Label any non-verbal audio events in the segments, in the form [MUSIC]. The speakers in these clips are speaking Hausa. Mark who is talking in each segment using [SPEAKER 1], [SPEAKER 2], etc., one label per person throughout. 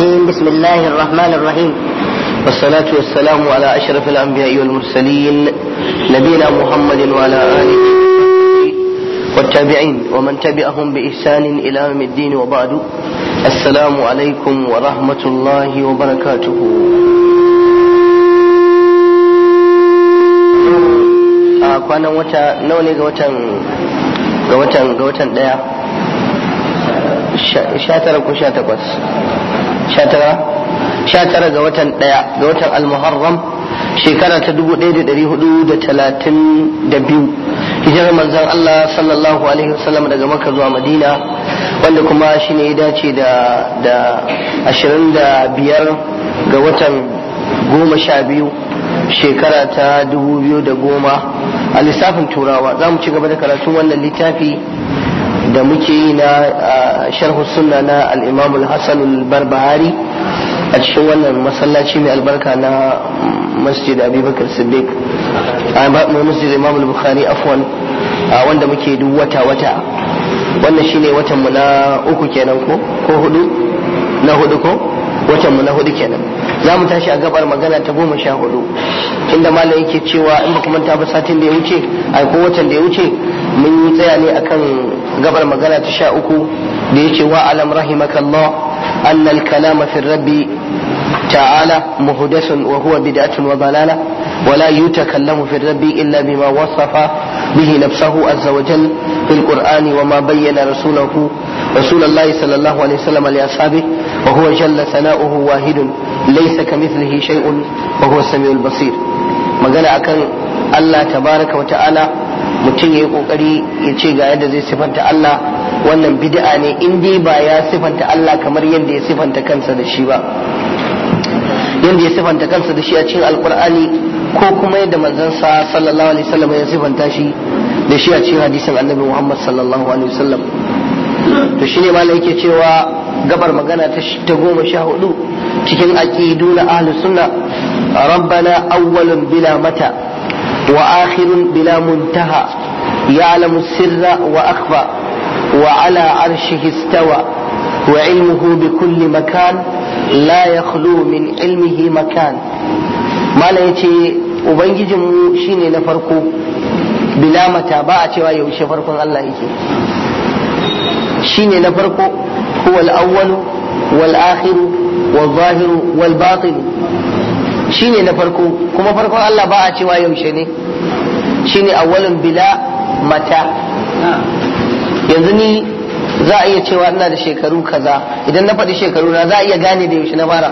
[SPEAKER 1] الرحيم بسم الله الرحمن الرحيم والصلاة والسلام على أشرف الأنبياء والمرسلين نبينا محمد وعلى آله والتابعين ومن تبعهم بإحسان إلى يوم الدين وبعد السلام عليكم ورحمة الله وبركاته آه، kwanan وتا نوني غوتا غوتا غوتا ga sha tara ko sha takwas 19 ga watan ɗaya ga watan al-muharram shekara ta 1432 hijirar manzon Allah sallallahu alaihi wasallam daga Makka zuwa Madina wanda kuma shine ya dace da da biyar ga watan biyu shekara ta da goma a lissafin turawa za mu ci gaba da karatun wannan littafi da muke yi na sharhu sunna na al-imam al-hasan al-barbahari a cikin wannan masallaci mai albarka na masjid abubakar siddiq a masjid imam al-bukhari afwan wanda muke duk wata wata wannan shine watan mu na uku kenan ko ko hudu na hudu ko watan mu na hudu kenan za mu tashi a gabar magana ta goma sha hudu inda malam yake cewa in ba kuma ta ba satin da ya wuce ai ko watan da ya wuce mun yi tsaya ne akan gabar magana ta sha uku da yake wa alam rahimakallah annal kalama fi rabbi wa huwa وهو wa وضلالة ولا يتكلم في الرب إلا بما وصف به نفسه عز وجل في القرآن وما بين رسوله رسول الله صلى الله عليه وسلم لأصحابه وهو جل ثناؤه واحد ليس كمثله شيء وهو السميع البصير magana akan Allah الله تبارك وتعالى mutum ya yi ƙoƙari ya ce ga yadda zai sifanta Allah wannan bid'a ne in dai ba ya sifanta Allah kamar yadda ya sifanta kansa da shi ba yadda ya sifanta kansa da shi a cikin alƙur'ani ko kuma yadda manzon sa sallallahu alaihi wasallam ya sifanta shi da shi a cikin hadisin annabi Muhammad sallallahu alaihi wasallam to shi ne malai yake cewa gabar magana ta goma sha hudu cikin aqidu na ahlus sunna rabbana awwalun bila mata wa akhirun bila muntaha ya'lamu sirra wa akhfa wa ala arshihi istawa wa ilmuhu bi kulli makan la yakhlu min ilmihi makan malai yace ubangijinmu shine na farko bila mata ba a cewa yaushe farkon Allah yake shine na farko huwa al-awwal wal akhir wal zahir wal batin shine na farko kuma farkon Allah ba a cewa yaushe ne shine awwalun bila mata yanzu ni za a iya cewa ina da shekaru kaza idan na faɗi shekaru na za a iya gane da yaushe na fara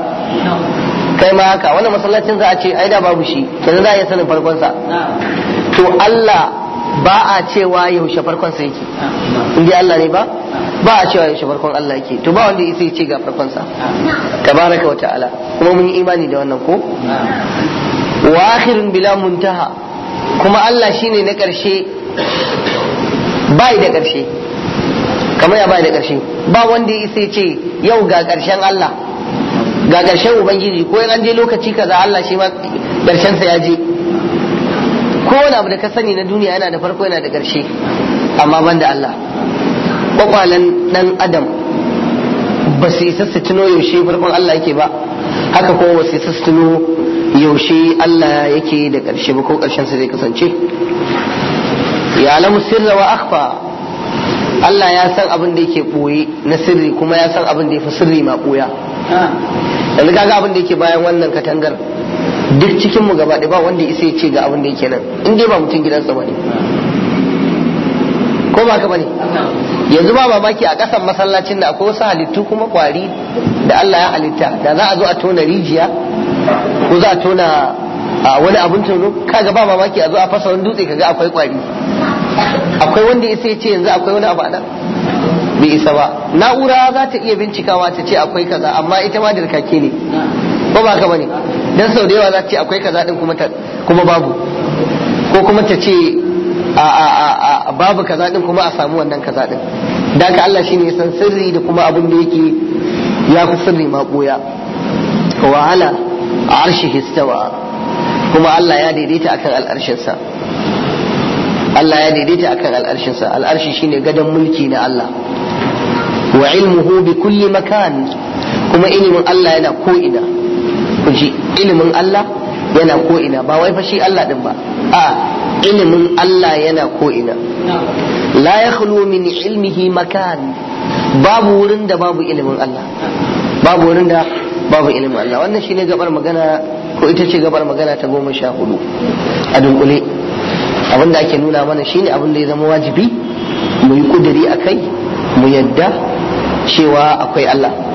[SPEAKER 1] kai ma haka wannan masallacin za a ce ai da babu shi yanzu za a iya sanin farkonsa to Allah ba a cewa yaushe farkon sa yake in Allah ne ba ba a cewa yaushe farkon Allah yake to ba wanda yake ce ga farkon sa tabaraka wa ta'ala kuma mun yi imani da wannan ko wa akhirun bila muntaha kuma Allah shine na karshe bai da karshe kamar ya bai da karshe ba wanda yake ce yau ga karshen Allah ga karshen ubangiji ko an je lokaci kaza Allah shi ma karshen sa ya je kowane abu da ka sani na duniya yana da farko yana da ƙarshe amma ban da Allah kwakwalen ɗan adam ba su isa su tuno yaushe farkon Allah yake ba haka kuma ba su isa su tuno yaushe Allah yake da ƙarshe ba ko ƙarshen sa zai kasance ya alamu sirra wa akhfa Allah ya san abin da yake ɓoye na sirri kuma ya san abin da ya fi sirri ma ɓoya ah. yanzu kaga abin da yake bayan wannan katangar duk cikin mu gaba ba wanda isa ya ce ga abin da yake nan in dai ba mutum gidansa bane ko ba ka bane yanzu ba mamaki a ƙasan masallacin da akwai wasu halittu kuma kwari da Allah ya halitta da za a zo a tona rijiya ko za a tona wani abin tono kaga ba mamaki a zo a fasa wani dutse kaga akwai kwari akwai wanda isa ya ce yanzu akwai wani abu a nan bai isa ba na'ura za ta iya bincikawa ta ce akwai kaza amma ita ma dirkake ne ko ba ka bane dan sau da yawa za ta ce akwai kaza din kuma kuma babu ko kuma ta ce a a a babu kaza din kuma a samu wannan kaza din dan ka Allah shine san sirri da kuma abin da yake ya fi sirri ma boya wa ala arshi istawa kuma Allah ya daidaita akan al'arshinsa Allah ya daidaita akan al'arshinsa al'arshi shine gadon mulki na Allah wa ilmuhu bi kulli makan kuma ilimin Allah yana ko ina kunshi ilimin Allah yana ko ina ba wai fa shi Allah din ba a ilimin Allah yana ko ina la yakhlu min ilmihi makan babu wurin da babu ilimin Allah babu wurin da babu ilimin Allah wannan shine gabar magana ko ita ce gabar magana ta goma sha hudu a dunkule abin da ake nuna mana shine abin da ya zama wajibi mu yi kudiri a kai mu yadda cewa akwai Allah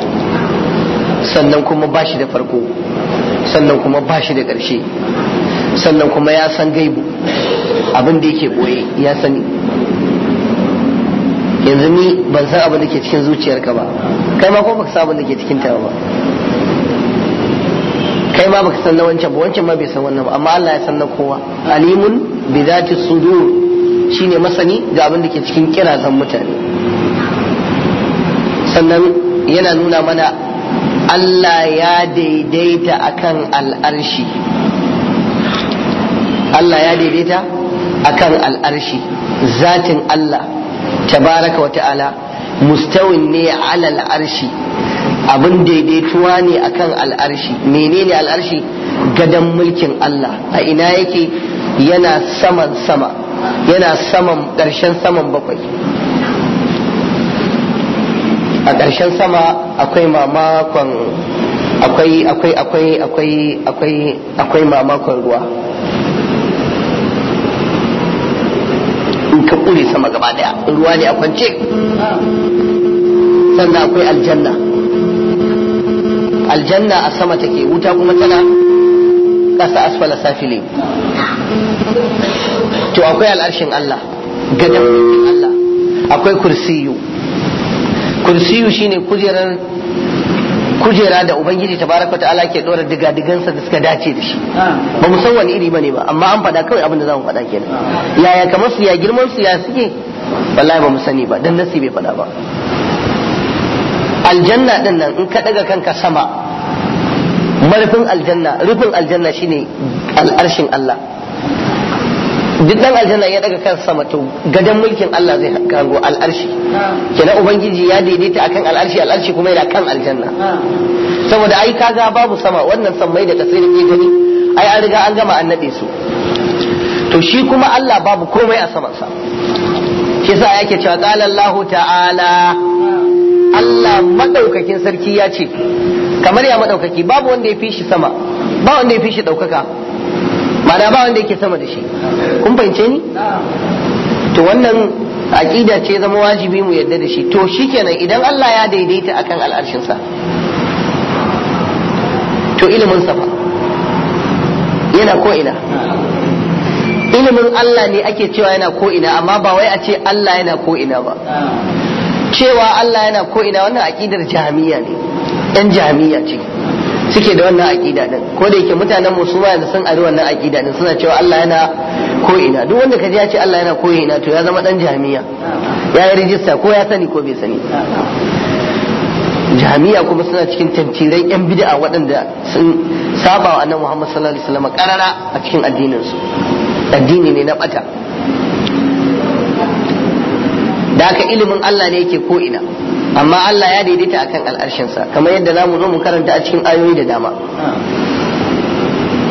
[SPEAKER 1] sannan kuma ba shi da farko sannan kuma ba shi da ƙarshe sannan kuma ya san gaibu abin da yake ɓoye ya sani yanzu ni ban san abin da ke cikin zuciyarka ba kai ma ko baka san abin da ke cikin ta ba kai ma baka san na wancan ba wancan ma bai san wannan ba amma Allah ya san na kowa alimun bi zati sudur shine masani ga abin da ke cikin kirazan mutane sannan yana nuna mana Allah ya daidaita akan al'arshi Allah ya daidaita akan al'arshi zatin Allah tabaraka wa ta'ala mustawin ne ala al'arshi abin daidaituwa ne akan al'arshi menene al'arshi gadon mulkin Allah a ina yake yana saman sama yana saman ƙarshen saman bakwai a ƙarshen sama akwai mamakon akwai akwai akwai akwai akwai akwai mamakon ruwa in ka ƙure sama gaba daya ruwa ne a kwance sannan akwai aljanna aljanna a sama take wuta kuma tana ƙasa asfala safile. to akwai al'arshin Allah gadon Allah akwai kursiyu kursiyu shine kujerar kujera da ubangiji tabaraka ta'ala ke dora diga sa da suka dace da shi ah. ba mu san wani iri bane ba amma an faɗa kawai abin da zamu faɗa kenan ah. yaya kamar su ya girman su ya suke wallahi ba mu sani ba dan nasi bai faɗa ba aljanna din nan in ka daga kanka sama marufin aljanna rufin aljanna shine al'arshin Allah duk dan aljanna ya daga kansa sama to gadan mulkin Allah zai hango al'arshi kenan ubangiji ya daidaita akan al'arshi al'arshi kuma yana kan aljanna saboda ai kaga babu sama wannan sammai da tasirin ke gani ai an riga an gama annabe su to shi kuma Allah babu komai a saman sa shi sa yake cewa qala Allah ta'ala Allah madaukakin sarki ya ce kamar ya madaukaki babu wanda ya fi sama ba wanda ya fi shi daukaka mana ba wanda yake sama da shi kun fahimce ni to wannan aqida ce zama wajibi mu yadda da shi to shikenan idan Allah ya daidaita akan sa to ilimin sa fa yana ko ina ilimin Allah ne ake cewa yana ko ina amma ba wai a ce Allah yana ko ina ba cewa Allah yana ko ina wannan aqidar jami'a ne yan jami'a ce suke da wannan aqida din ko da yake mutanen mu su yanzu sun ari wannan aqida din suna cewa Allah yana ko ina duk wanda kaji ya ce Allah yana ko ina to ya zama dan jami'a ya yi rijista ko ya sani ko bai sani jami'a kuma suna cikin tantirai yan bid'a waɗanda sun saba wa annabi Muhammad sallallahu alaihi wasallam karara a cikin addinin su addini ne na bata da ka ilimin Allah ne yake ko ina amma Allah ya daidaita akan al'arshinsa kamar yadda mu zo mu karanta a cikin ayoyi da dama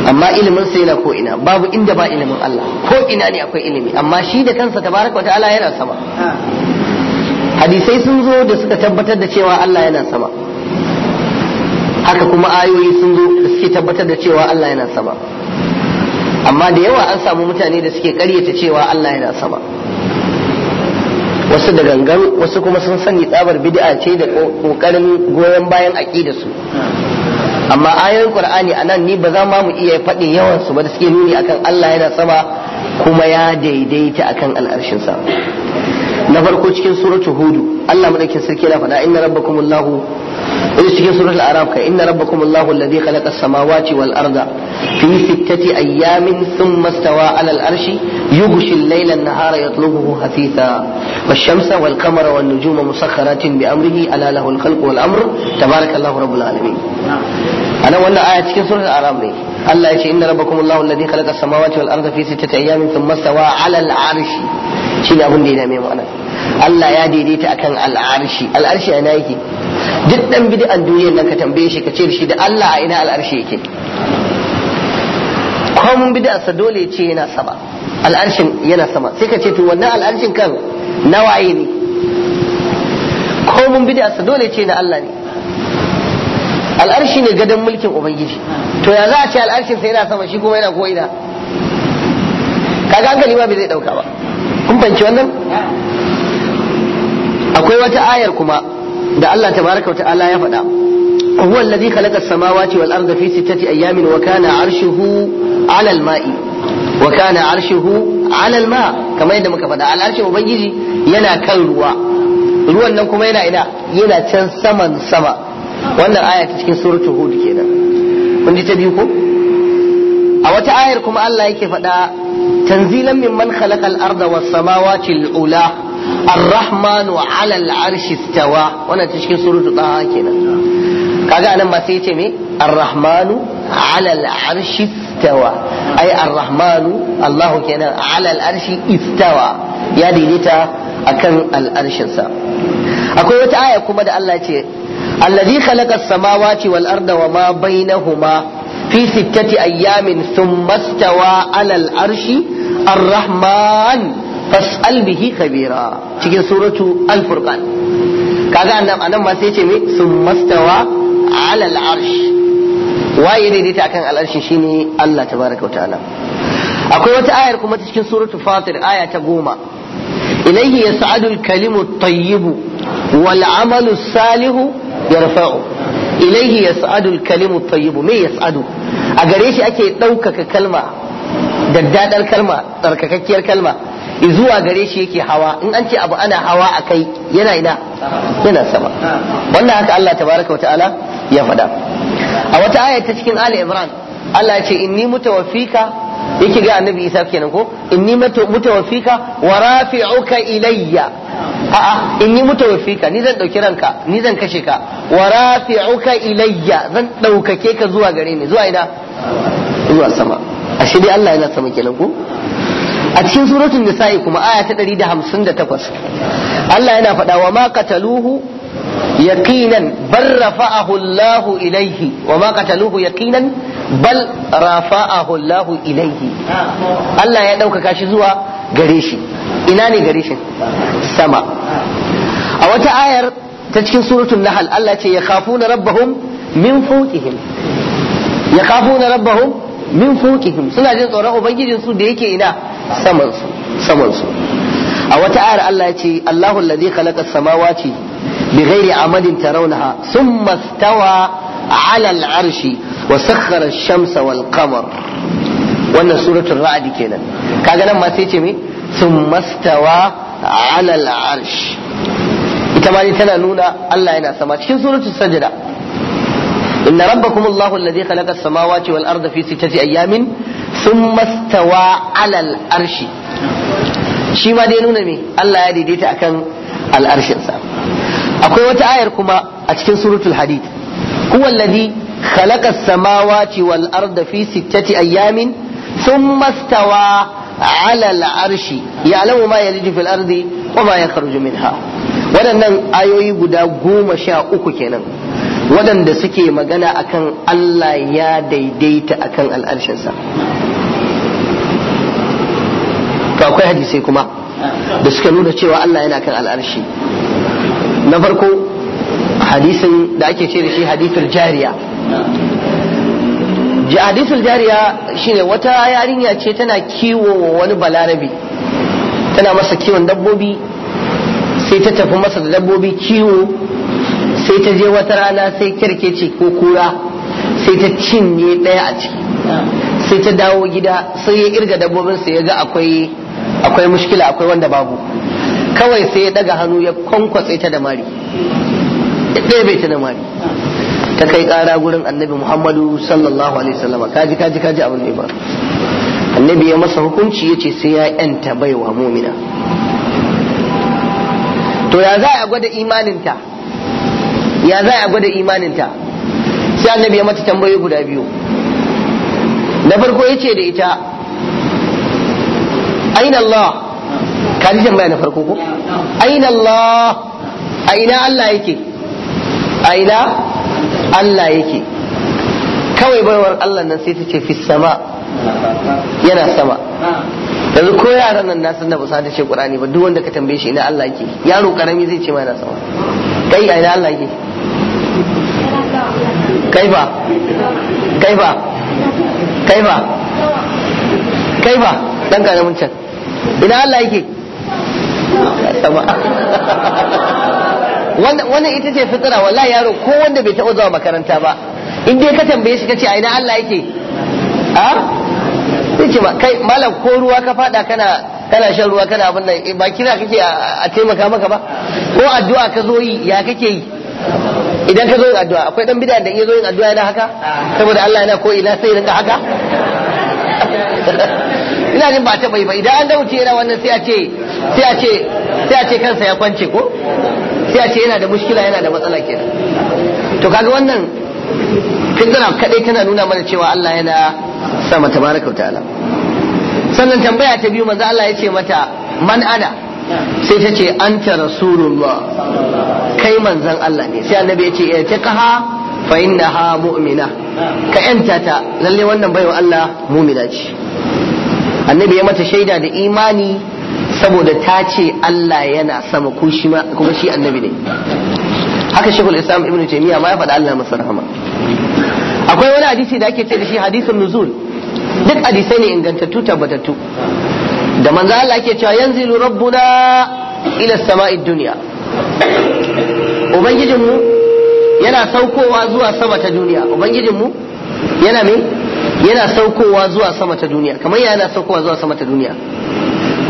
[SPEAKER 1] amma ilimin sai yana ko ina babu inda ba ilimin Allah ko ina ne akwai ilimi amma shi da kansa tabaraka wa ta'ala yana sama hadisai sun zo da suka tabbatar da cewa Allah yana sama haka kuma ayoyi sun zo da suke tabbatar da cewa Allah yana sama amma da yawa an samu mutane da suke karyata cewa Allah yana sama wasu da gangan wasu kuma sun sani tsabar bid'a ce da kokarin goyon bayan aqida su amma ayoyin qur'ani anan ni ba za ma mu iya faɗin yawan su ba da suke nuni akan Allah yana sama kuma ya daidaita akan al'arshin sa na farko cikin suratu hudu Allah madaukin sarki yana faɗa inna rabbakumullahu Ina cikin suratul araf ka inna rabbakumullahu alladhi khalaqa as-samawati wal arda في ستة أيام ثم استوى على العرش يغشي الليل النهار يطلبه هثيثا والشمس والقمر والنجوم مسخرات بأمره ألا له الخلق والأمر تبارك الله رب العالمين أنا ولا آية في سورة الأعراف الله يشي إن ربكم الله الذي خلق السماوات والأرض في ستة أيام ثم استوى على العرش شيء أبن دينا ميمونا Allah ya daidaita akan al'arshi al'arshi a ina yake duk dan bid'an duniyar nan ka tambaye shi ka ce shi da Allah a ina al'arshi yake mun bi da dole ya ce yana sama al'arshin yana sama sai ka ce to wannan al'arshin kan nawaye ne komun bi da dole ce na Allah ne al'arshi ne gadon mulkin ubangiji to ya za a ce al'arshin sai yana sama shi kuma yana ko ina kaga hankali ma bai zai dauka ba kun fahimci wannan akwai wata ayar kuma da Allah tabaraka wa ta'ala ya faɗa wa huwa alladhi khalaqa as-samawati wal arda fi sittati ayamin wa kana arshuhu 'ala al-ma'i wa kana arshuhu 'ala al-ma' kamar yadda muka faɗa al'arshin ubangiji yana kan ruwa ruwan nan kuma yana ina yana can saman sama wannan aya ta cikin suratul kun biyu ko a wata ayar kuma Allah yake faɗa تنزيلا ممن خلق الأرض والسماوات العلا الرحمن على العرش استوى وانا تشكي سورة طه كده kaga anan ma sai yace me ar-rahmanu ala al-arshi istawa ay ar-rahmanu Allahu kenan ala al-arshi istawa ya daidaita akan al-arshin sa akwai wata aya kuma da Allah ce alladhi khalaqa as-samawati wal arda wa ma bainahuma fi sittati ayyamin thumma istawa ala al-arshi ar-rahman fas'al bihi khabira cikin suratu al-furqan kaga anan anan ma sai ce me summastawa alal al'arsh waye daidaita akan al'arshi shine Allah tabaraka wa ta'ala akwai wata ayar kuma ta cikin suratul fatir aya ta goma ilaihi yas'adu al-kalimu at-tayyibu wal 'amalu salihu yarfa'u yas'adu al-kalimu at-tayyibu me yas'adu a gare shi ake ɗaukaka kalma daddadar kalma tsarkakakkiyar kalma zuwa gare shi yake hawa in an ce abu ana hawa akai yana ina yana sama wannan haka Allah tabaraka ta'ala ya faɗa a wata aya ta cikin Ali Imran Allah ya ce inni mutawaffika yake ga annabi Isa kenan ko inni mutawaffika wa rafi'uka ilayya a'a inni mutawaffika ni zan dauki ranka ni zan kashe ka wa rafi'uka ilayya zan daukake ka zuwa gare ni zuwa ina zuwa sama ashe dai Allah yana sama kenan ko a cikin suratul nisa'i kuma aya ta 158 Allah yana faɗa wa ma qataluhu yaqinan bal rafa'ahu Allah ilayhi wa ma qataluhu yaqinan bal rafa'ahu Allah ilayhi Allah ya ɗaukaka shi zuwa gare shi ina ne gare shi sama a wata ayar ta cikin suratul Nahal, Allah ce ya yakhafuna rabbahum min fawqihim yakhafuna rabbahum min fawqihim suna jin tsoron ubangijin su da yake ina samansu samansu a wata ayar Allah ya ce Allahu allazi khalaqa samawati bighairi amalin tarawnaha thumma stawa ala al-arshi wa sakhkhara ash-shamsa wal qamar wannan suratul ra'd kenan kaga nan ma sai ce me thumma stawa ala al-arsh ita ma tana nuna Allah yana sama cikin suratul sajda إن ربكم الله الذي خلق السماوات والأرض في ستة أيام sun mastawa alal arshi shi ma dai nuna me Allah ya daidaita akan sa. akwai wata ayar kuma a cikin suratul hadid huwa alladhi khalaqa as-samawati wal arda fi sittati ayamin thumma istawa ala arshi ya'lamu ma yaliju fil ardi wa ma yakhruju minha waɗannan ayoyi guda goma sha uku kenan waɗanda suke magana akan Allah ya daidaita akan al'arshinsa to akwai hadisai kuma da suka nuna cewa Allah yana kan al'arshi na farko hadisin da ake ce da shi hadithul jariya hadithul jariya shine wata yarinya ce tana kiwo wa wani balarabi tana masa kiwon dabbobi sai ta tafi masa da dabbobi kiwo sai ta je wata rana sai ce ko kura sai ta cinye ɗaya a ciki sai ta dawo gida sai ya irga sai ya ga akwai akwai mushkila akwai wanda babu kawai sai ya daga hannu ya kwankwatse ta da mari ya ɗebe ta da mari ta kai ƙara gurin annabi muhammadu sallallahu alaihi wasallama kaji kaji kaji abin ne ba annabi ya masa hukunci ya ce sai ya yanta baiwa mumina to ya za a gwada imaninta ya za a gwada imaninta sai annabi ya mata tambayoyi guda biyu na farko ya ce da ita aina Allah ka ji na farko ko aina Allah a ina Allah yake a ina Allah yake kawai baiwar Allah nan sai ta ce fi sama yana sama yanzu ko yaran nan nasu da ba sa ta ce Qur'ani ba duk wanda ka tambaye shi ina Allah yake yaro karami zai ce ma yana sama kai a ina Allah yake kai ba kai ba kai ba kai ba dan karamin can ina Allah yake wannan ita ce fitira wallahi yaro ko wanda bai taɓa zuwa makaranta ba in dai ka tambaye shi kace a ina Allah yake a sai ce kai malam ko ruwa ka fada kana kana shan ruwa kana abin nan eh, ba kira kake a taimaka maka ba ko addu'a ka zo yi ya kake yi idan ka zo yin addu'a akwai dan bid'a da iya zo yin addu'a yana haka saboda Allah yana ko ina sai rinka haka [LAUGHS] ina jin ba taɓa yi ba idan an dauce yana wannan sai a ce sai a ce sai a ce kansa ya kwance ko sai a ce yana da mushkila yana da matsala kenan to kaga wannan fitna kadai tana nuna mana cewa Allah yana sama tabaraka wa ta'ala sannan tambaya ta biyu manzo Allah ya ce mata man ana sai ta ce anta rasulullah kai manzon Allah ne sai annabi ya ce ya ta kaha fa innaha mu'mina ka yanta ta lalle wannan baiwa Allah mu'mina ce annabi ya mata shaida da imani saboda ta ce Allah yana sama kuma shi annabi ne haka shekul islam ibn taimiyya ma ya faɗa Allah masa rahama akwai wani hadisi da ake ce da shi hadisin nuzul duk hadisai ne ingantattu tabbatattu da manzo Allah yake cewa yanzilu rabbuna ila sama'i dunya ubangijinmu yana saukowa zuwa sama ta duniya ubangijinmu yana me yana saukowa zuwa sama ta duniya kamar yana saukowa zuwa sama ta duniya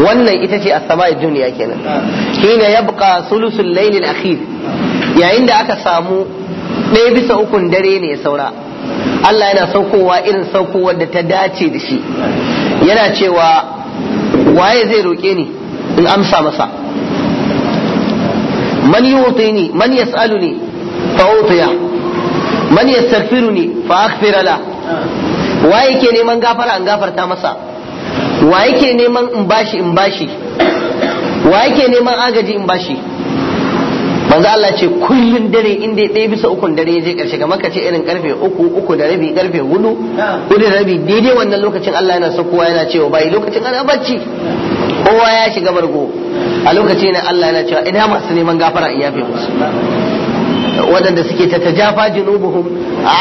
[SPEAKER 1] wannan ita ce asabai duniya kenan hina yabqa sulusul layl al-akhir yayin da aka samu ɗaya bisa ukun dare ne ya saura Allah yana saukowa irin saukowar da ta dace da shi yana cewa waye zai roƙe ni in amsa masa man yu'tini man yas'aluni fa utiya man yastaghfiruni fa aghfir la wa yake neman gafara an gafarta masa wa yake neman in bashi in bashi wa yake neman agaji in bashi manzo Allah ce kullun dare in dai bisa ukun dare je karshe kamar ka ce irin karfe uku uku da rabi karfe hudu hudu da rabi daidai wannan lokacin Allah yana kowa yana cewa bai lokacin ana bacci kowa ya shiga bargo a lokacin Allah yana cewa ina masu neman gafara in yafe musu waɗanda suke ta tajafa junubuhum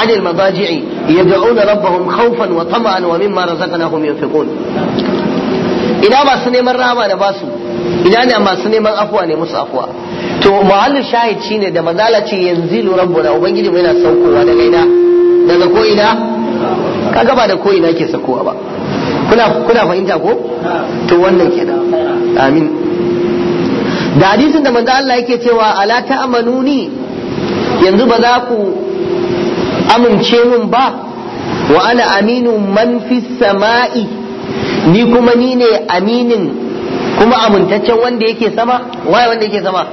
[SPEAKER 1] anil madaji'i yad'una rabbahum khawfan wa tama'an wa mimma razaqnahum yunfiqun ina masu neman rahama da basu ina ne masu neman afuwa ne musu afuwa to muhallin shahid shine da mazala ce yanzilu rabbuna ubangiji mu yana saukowa daga ina daga ko ina kaga ba da ko ina ke saukowa ba kuna kuna fahimta ko to wannan kenan amin da hadisin da manzo Allah yake cewa ala ta'manuni yanzu ba za ku amince mun ba wa ana aminu man fi sama'i ni kuma ni ne aminin kuma amintaccen wanda yake sama waye wanda yake sama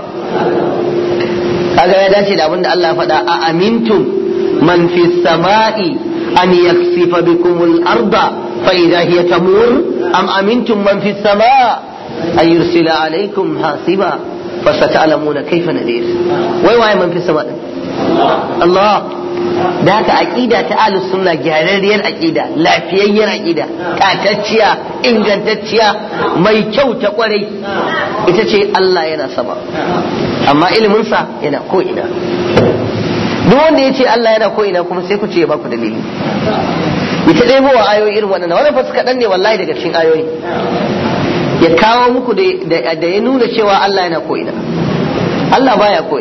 [SPEAKER 1] kaga ya dace da abin da Allah faɗa a amintum man fi sama'i an yaksifa bikumul arda fa idha hiya tamur am amintum man fi sama'a. an yursila alaikum hasiba fa sata'lamuna kayfa nadir wai waye man fi sama' Allah da haka aƙida ta ahlus sunna gyararriyar aƙida lafiyayyar aƙida katacciya ingantacciya mai kyau ta kwarai ita ce Allah yana sama amma iliminsa yana ko duk wanda ya ce Allah yana ko ina kuma sai ku ce ba ku dalili ita dai wa ayoyi irin wannan wannan fa kaɗan ne wallahi daga cikin ayoyi ya kawo muku da ya nuna cewa Allah yana ko ina Allah baya ko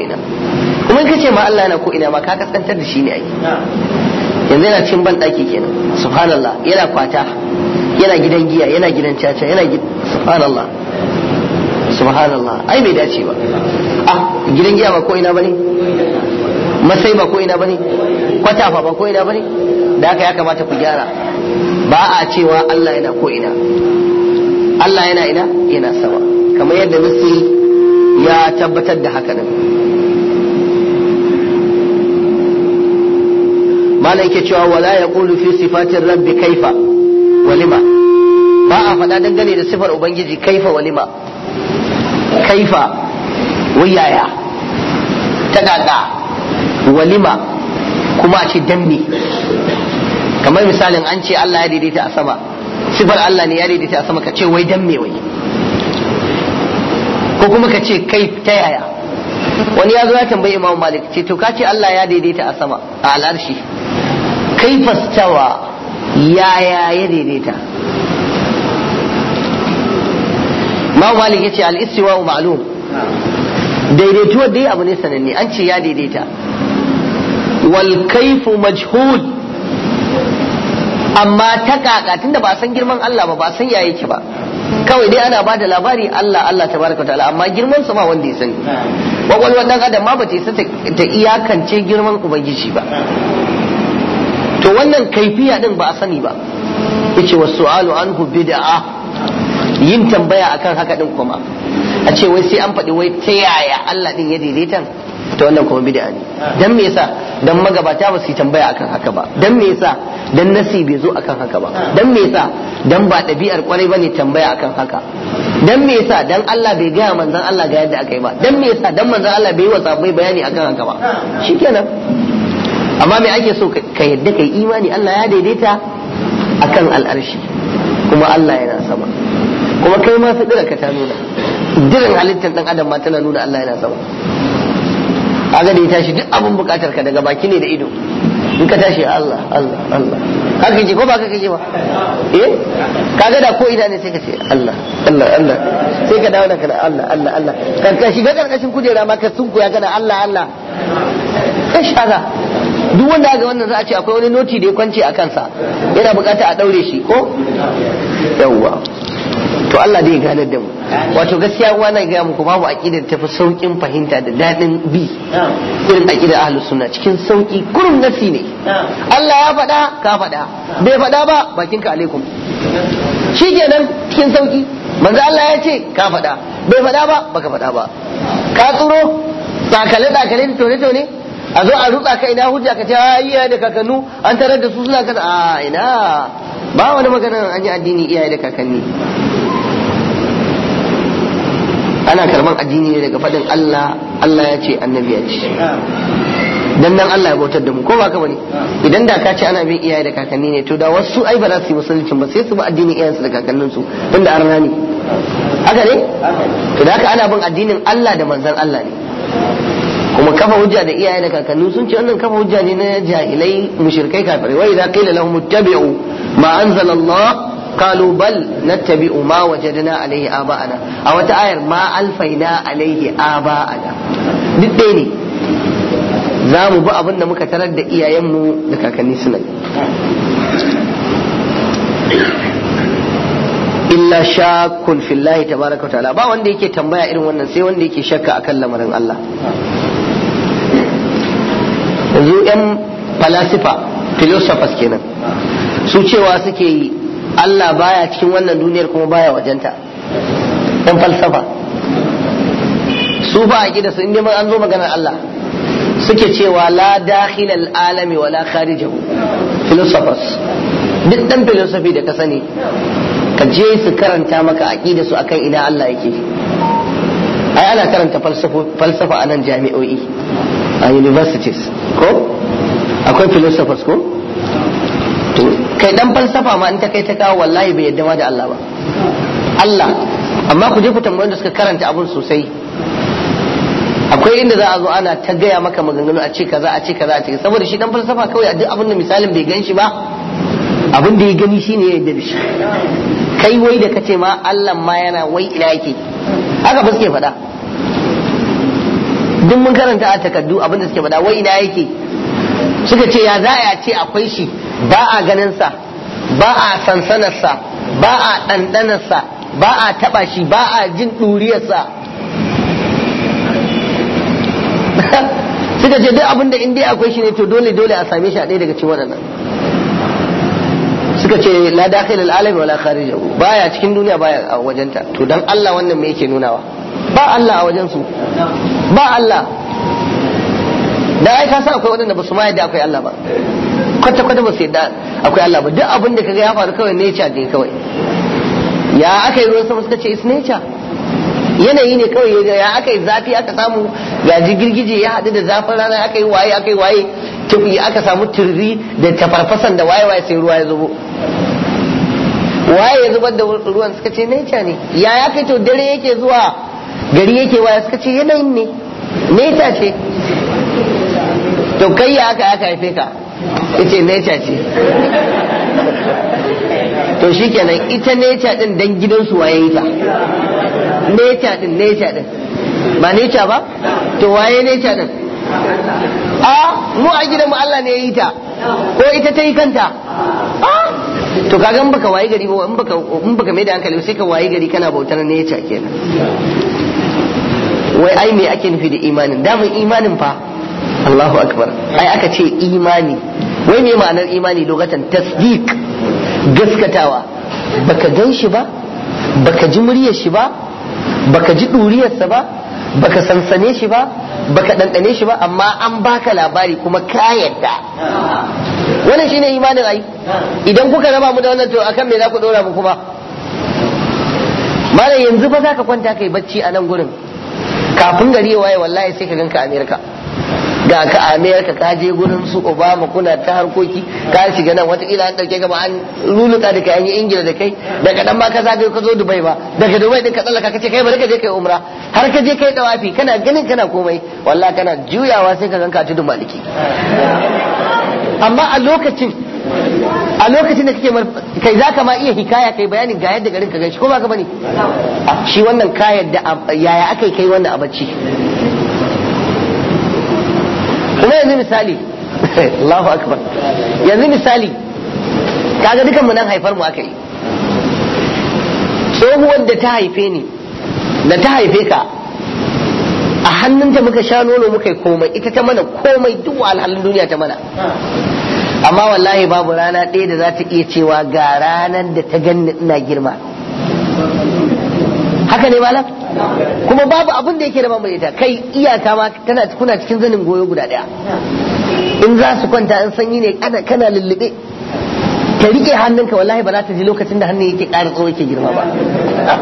[SPEAKER 1] kuma in ka ce ma Allah yana ko ina ma ka kaskantar da shi ne ai yanzu yana cin ban daki kenan subhanallah yana kwata yana gidan giya yana gidan caca yana subhanallah subhanallah ai bai dace ba ah gidan giya ba ko ina bane masai ba ko ina bane kwatafa ba ko ina bane da haka ya kamata ku gyara ba a cewa Allah yana ko ina Allah yana ina yana sama kamar yadda nasi ya tabbatar da haka nan malam yake cewa wala ya yaqulu fi sifatir rabbi kaifa walima ba a faɗa dangane da sifar ubangiji kaifa walima kaifa wayaya ta kaka walima kuma a ce dammi kamar misalin an ce Allah ya daidaita a sama sifar Allah ne ya daidaita a sama ka ce wai danne wai ko kuma ka ce kai ta yaya wani ya zo ya tambayi imam malik ce to ka ce Allah ya daidaita a sama a al'arshi kaifa stawa yaya ya daidaita ma malik yace al istiwa ma'lum daidaituwar dai abu ne sananne an ce ya daidaita wal kaifu majhul amma ta kaka tunda ba san girman Allah ba ba san yaya yake ba kawai dai ana bada labari Allah Allah tabaraka ta'ala amma girman sa ma wanda ya sani kwakwalwar dan adam ma bata isa ta iyakance girman ubangiji ba to wannan kaifiya din ba a sani ba yace wasu'alu anhu bid'a yin tambaya akan haka din kuma a ce wai sai an faɗi wai ta yaya Allah din ya daidaita? To wannan kuma bid'a ne dan me yasa dan magabata ba su tambaya akan haka ba dan me yasa dan nasi bai zo akan haka ba dan me yasa dan ba ɗabi'ar kwarai bane tambaya akan haka dan me yasa dan Allah bai gaya manzon Allah ga yadda aka yi ba dan me yasa dan manzon Allah bai yi wa sahabbai bayani akan haka ba shikenan amma me ake so ka yadda kai imani Allah ya daidaita akan al'arshi kuma Allah yana sama kuma kai ma fidira ka ta nuna dirin halittar dan adam ma tana nuna Allah yana sama kaga da ya tashi duk abin bukatar ka daga baki ne da ido in ka tashi Allah Allah Allah ka kace ko ba ka kace ba eh kaga da ko ina ne sai ka ce Allah Allah Allah sai ka dawo da kana Allah Allah Allah kan ka shiga karkashin kujera ma ka sunku ya gana Allah Allah kai shaga duk wanda ga wannan za a ce akwai wani noti da ya kwance a kansa yana bukata a daure shi ko yawwa to Allah dai gane da mu wato gaskiya na ga muku babu aqidar ta fi saukin fahimta da dadin bi irin aqidar ahlus sunna cikin sauki kurun nasi ne Allah ya faɗa ka faɗa bai faɗa ba bakin ka alaikum shikenan cikin sauki manzo Allah ya ce ka faɗa bai faɗa ba baka faɗa ba ka tsoro tsakale tsakale tone tone a zo a rutsa ka ina hujja ka ce ah, iyaye da kakannu an tarar da su suna kasa a ina ba wani maganar an yi addini iyaye da kakanni ana karban addini ne daga faɗin Allah Allah ya ce annabi ya ce dan nan Allah ya bautar da mu ko ba ka bane idan da ka ce ana bin iyaye da kakanni ne to da wasu ai ba za su yi musulcin ba sai su bi addinin iyayensu da kakanninsu tunda arna ne haka ne to da haka ana bin addinin Allah da manzon Allah ne kuma kafa hujja da iyaye da kakanni sun ce wannan kafa hujja ne na jahilai mushrikai kafirai wa idza qila lahum ittabi'u ma anzala Allah qalu bal nattabi'u ma wajadna alayhi aba'ana a wata ayar ma alfaina alayhi aba'ana duk ɗaya ne za mu bi abin da muka tarar da iyayenmu da kakanni suna illa shakkun fillahi tabaraka wa ta'ala ba wanda yake tambaya irin wannan sai wanda yake shakka akan lamarin Allah yanzu yan falasifa philosophers kenan su cewa suke yi Allah baya cikin wannan duniyar kuma baya wajenta yan falsafa su ba a gida su inda an zo maganar Allah suke cewa la dakhil alami wa la kharijahu philosophers duk dan philosophy da ka sani ka je su karanta maka aqida su akan ina Allah yake ai ana karanta falsafa a nan jami'o'i a universities ko akwai philosophers ko to kai dan falsafa ma in ta kai ta kawo wallahi bai yadda ma da Allah ba Allah amma ku je ku tambayi da suka karanta abun sosai akwai inda za a zo ana ta gaya maka maganganu a ce kaza a ce kaza a ce saboda shi dan falsafa kawai a duk abin da misalin bai gan shi ba abin da ya gani shine ya yadda da shi kai wai da kace ma Allah ma yana wai ila yake haka ba suke faɗa duk mun karanta a takaddu abinda suke faɗa wai ina yake suka ce ya za a ce akwai shi ba a ganinsa ba a sansanarsa ba a ɗanɗanarsa ba a taɓa shi ba a jin ɗuriyarsa [LAUGHS] suka ce duk abinda in dai akwai shi ne to dole dole a same shi a ɗaya daga cikin waɗannan suka ce la dakhil al-alam wala kharij baya cikin duniya baya wajenta to dan Allah wannan me yake nunawa ba Allah a wajensu ba Allah da ai ka san akwai waɗanda ba su ma yadda akwai Allah ba kwata kwata ba su yadda akwai Allah ba duk abin da kaga ya faru kawai nature ne kawai ya aka yi ruwan sama suka ce is nature yanayi ne kawai ya aka yi zafi aka samu gaji girgije ya haɗu da zafin rana aka yi waye aka yi waye tafi aka samu turri da tafarfasan da waye waye sai ruwa ya zubo waye ya zubar da ruwan suka ce nature ne ya ya kai to dare yake zuwa gari yake waya suka ce yanayin ne neta ce to kai ya aka aka haife ka ce neta ce to shi kenan ita neta din dan gidansu waye ita neta din neta din ba neta ba to waye neta din a mu a gidanmu Allah ne ya yi ta ko ita ta yi kanta a to kaga in baka waye gari in baka in baka mai da hankali sai ka waye gari kana bautar nature
[SPEAKER 2] kenan
[SPEAKER 1] wai ai me ake nufi da imanin damin imanin fa Allahu akbar ai aka ce imani wai me ma'anar imani lokacin tasdiq gaskatawa baka gan shi ba baka ji muryar shi ba baka ji ɗuriyarsa ba baka sansane shi ba baka ɗanɗane shi ba amma an baka labari kuma ka yadda wannan shine imanin ai idan kuka raba mu da wannan to akan me za ku ɗora mu kuma malam yanzu ba za ka kwanta kai bacci a nan gurin kafin gari ya waye wallahi sai ka ganka amerika ga ka amerika ka je gurin su obama kuna ta harkoki ka shiga nan watakila an ɗauke gaba an luluka da kai an yi ingila da kai daga dan ma ka zagayo ka zo dubai ba daga dubai din ka tsallaka ka ce kai ba ka je kai umra har ka je kai tawafi kana ganin kana komai wallahi kana juyawa sai ka ganka tudun maliki amma a lokacin a lokacin da kake kai za ka ma iya hikaya kai bayani ga yadda garin ka gashi ko ba ka bane shi wannan kayan da yaya aka yi kai wannan a bacci kuma yanzu misali [LAUGHS] Allahu akbar yanzu misali kaga dukan mu nan haifar mu aka yi tsohuwar da ta haife ni da ta haife ka a hannunta muka sha nono muka yi komai ita ta mana komai duk alhalin duniya ta mana amma wallahi babu rana ɗaya da za ta iya cewa ga ranar da ta ganni ina girma haka ne malam kuma babu abin da yake da mamaye ita kai iyaka ma tana kuna cikin zanin goyo guda ɗaya in za su kwanta in sanyi ne kana kana lullube ta rike hannunka wallahi ba za ta ji lokacin da hannun yake ƙara tsawo yake girma ba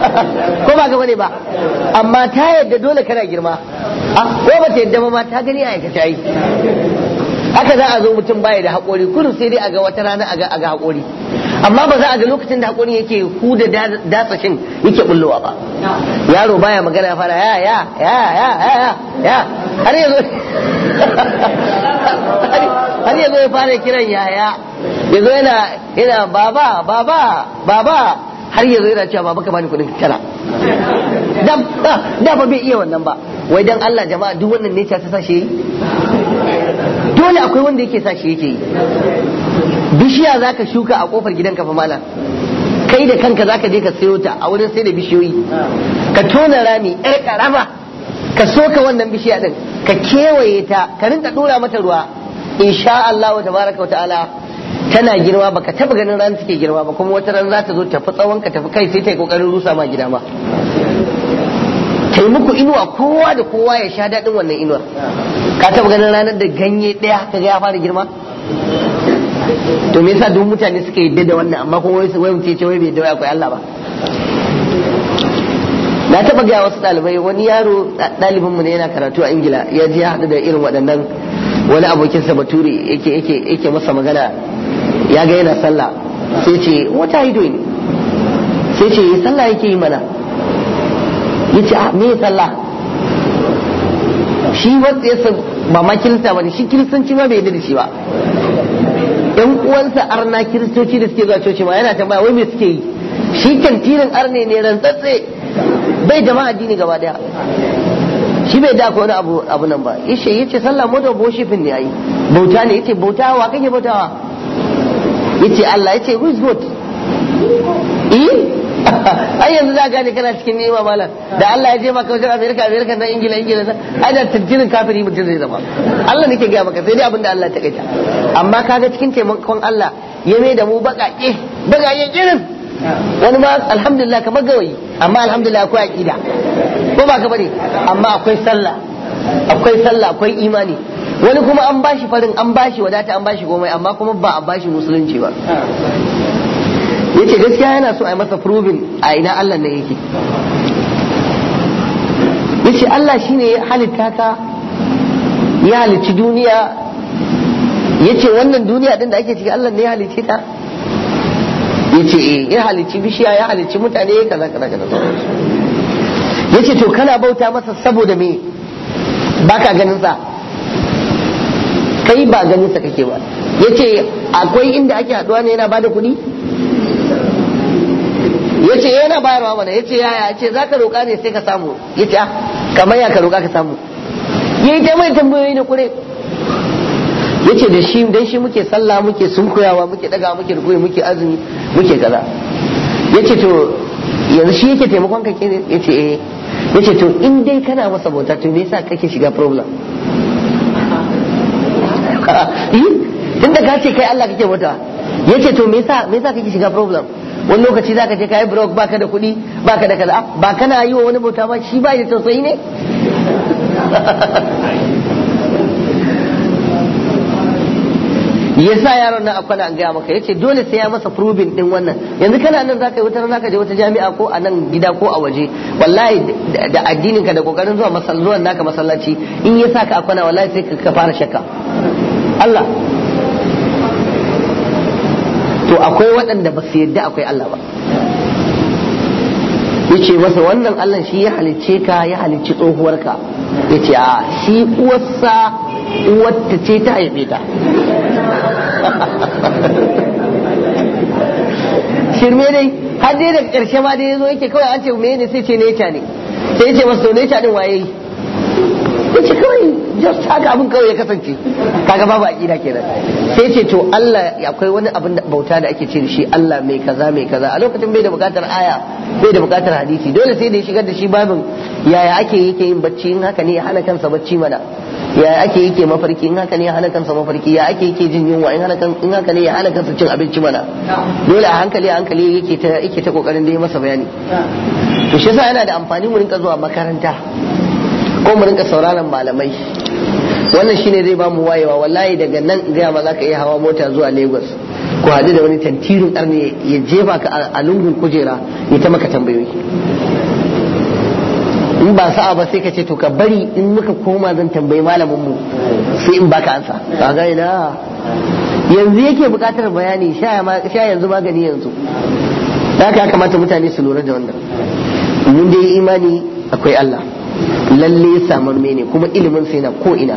[SPEAKER 2] [LAUGHS]
[SPEAKER 1] ko ba ga ne ba amma ta yadda dole kana girma ah, ko ba ta yadda ma ta gani a aikace ai haka za a zo mutum baya da haƙori kurin sai dai a ga wata rana a ga haƙori amma ba za a ga lokacin da haƙori yake ku da datsashin yake bullowa ba yaro baya magana fara ya ya ya ya ya ya har yanzu
[SPEAKER 2] [LAUGHS]
[SPEAKER 1] har yanzu ya fara kiran ya ya yanzu yana yana baba baba baba har yanzu yana cewa baba ka bani kuɗin tara [LAUGHS] da ba ah, bai iya wannan ba wai dan Allah jama'a duk wannan ne ta ta sashe dole akwai wanda yake sa shi yake yi bishiya za ka shuka a kofar gidanka fa malam kai da kanka zaka je ka sayo ta a wurin sai da bishiyoyi ka tona rami yar karama ka soka wannan bishiya din ka kewaye ta ka rinka dora mata ruwa insha Allah wa tabaraka wa ta'ala tana girma baka taba ganin ran take girma ba kuma wata ran za ta zo tafi tsawon ka tafi kai sai ta yi kokarin rusa ma gida ma ta muku inuwa kowa da kowa ya sha daɗin wannan inuwar ka taɓa ganin ranar da ganye ɗaya ka ga ya fara girma to me yasa duk mutane suka yadda da wannan amma kuma wai wai mutum ce wai bai dawo akwai Allah ba na taɓa ga wasu ɗalibai wani yaro ɗalibin mu ne yana karatu a Ingila ya je ya haɗu da irin waɗannan wani abokinsa bature yake yake yake masa magana ya ga yana sallah sai ce what are you doing sai ce eh, sallah yake yi mana ce a ah, me sallah shi wanda ya san ba ma kirista bane shi kiristanci ma bai da shi ba yan uwansa arna kiristoci da suke zuwa coci ma yana tambaya wai me suke yi shi kantirin arne ne rantsatse bai da ma addini gaba daya shi bai da wani abu nan ba yace yace sallah mota boshifin ne ayi bauta ne yace bautawa kake bautawa yace Allah yace who is god eh ai yanzu za gane kana cikin nema malam da Allah ya je maka wajen Amerika Amerika na Ingila Ingila na ai da tajjirin kafiri mutum zai zama Allah nake gaya maka sai dai abinda Allah ta kaita amma kaga cikin taimakon Allah ya mai da mu baƙaƙe baƙaƙe irin wani ma alhamdulillah kamar gawayi amma alhamdulillah akwai aƙida ko ba ka bane amma akwai sallah akwai sallah akwai imani wani kuma an bashi farin an bashi wadata an bashi komai amma kuma ba a bashi musulunci ba yace gaskiya yana so a yi masa proving a ina Allah ne yake yace Allah shine ya halitta ka ya halicci duniya yace wannan duniya din da ake ciki Allah ne ya halicce ta yace eh ya halicci bishiya ya halicci mutane kaza kaza kaza yace to kana bauta masa saboda me baka ganin sa kai ba ganin sa kake ba yace akwai inda ake haduwa ne yana bada kuɗi yace eh, yana bayarwa mana yace yaya yace ka roƙa ne sai ka samu yace ce ah, kamar ya ka roƙa ka samu ya yi mai tambayoyi da kure yace da shi dan shi muke sallah muke sunkuyawa muke daga muke rukuyi muke azumi muke kaza yace to yanzu shi yake taimakon ka ke yace eh yace to in dai kana masa bauta to me yasa kake shiga problem [LAUGHS] eh? tunda ka ce kai Allah kake bauta yace to me yasa me yasa kake shiga problem wani lokaci za ka je ka yi brok baka da kuɗi baka da kaza ba kana yi wa wani bauta ba shi ba da tausayi ne [LAUGHS] yasa yaron nan akwai an gaya maka Ya ce dole sai ya masa furubin din wannan yanzu kana nan zaka yi wata ka je wata jami'a ko a nan gida ko a waje wallahi da addinin ka da kokarin zuwa naka masallaci in yasa ka akwana wallahi sai ka fara shakka Allah
[SPEAKER 2] to akwai waɗanda
[SPEAKER 1] ba su yadda akwai Allah ba yace masa wannan Allah shi ya halicce ka ya halicci tsohuwarka yace a shi uwarsa uwarta ce ta haife ta [LAUGHS] shirme dai har dai daga ƙarshe ma dai yazo yake kawai an ce me ne sai ce ne ta ne sai yace masa to ne ta din waye yace kawai just haka abin kawai ya kasance kaga babu aqida kenan sai ce to Allah akwai wani abin bauta da ake ce da shi Allah mai kaza mai kaza a lokacin bai da bukatar aya bai da bukatar hadisi dole sai da ya shigar da shi babin yaya ake yake yin bacci in haka ne ya hana kansa bacci mana ya ake yake mafarki in haka ne ya hana kansa mafarki ya ake yake jin yunwa in haka ne ya hana kansa cin abinci mana dole a hankali a hankali yake ta yake ta kokarin da ya masa bayani to shi yasa yana da amfani mu rinka zuwa makaranta ko mu rinka sauraron malamai wannan shine zai ba mu wayewa wallahi daga nan gaya ma za ka iya hawa mota zuwa lagos ko haɗu da wani tantirin ƙarni ya jefa ka a lungun kujera ya ta maka tambayoyi in ba sa'a ba sai ka ce to ka bari in muka koma zan tambayi malamin mu sai in baka ansa ka ga ina yanzu yake bukatar bayani sha yanzu magani yanzu da haka ya kamata mutane su lura da wannan mun dai imani akwai Allah lalle samar ne kuma ilimin sa yana ko ina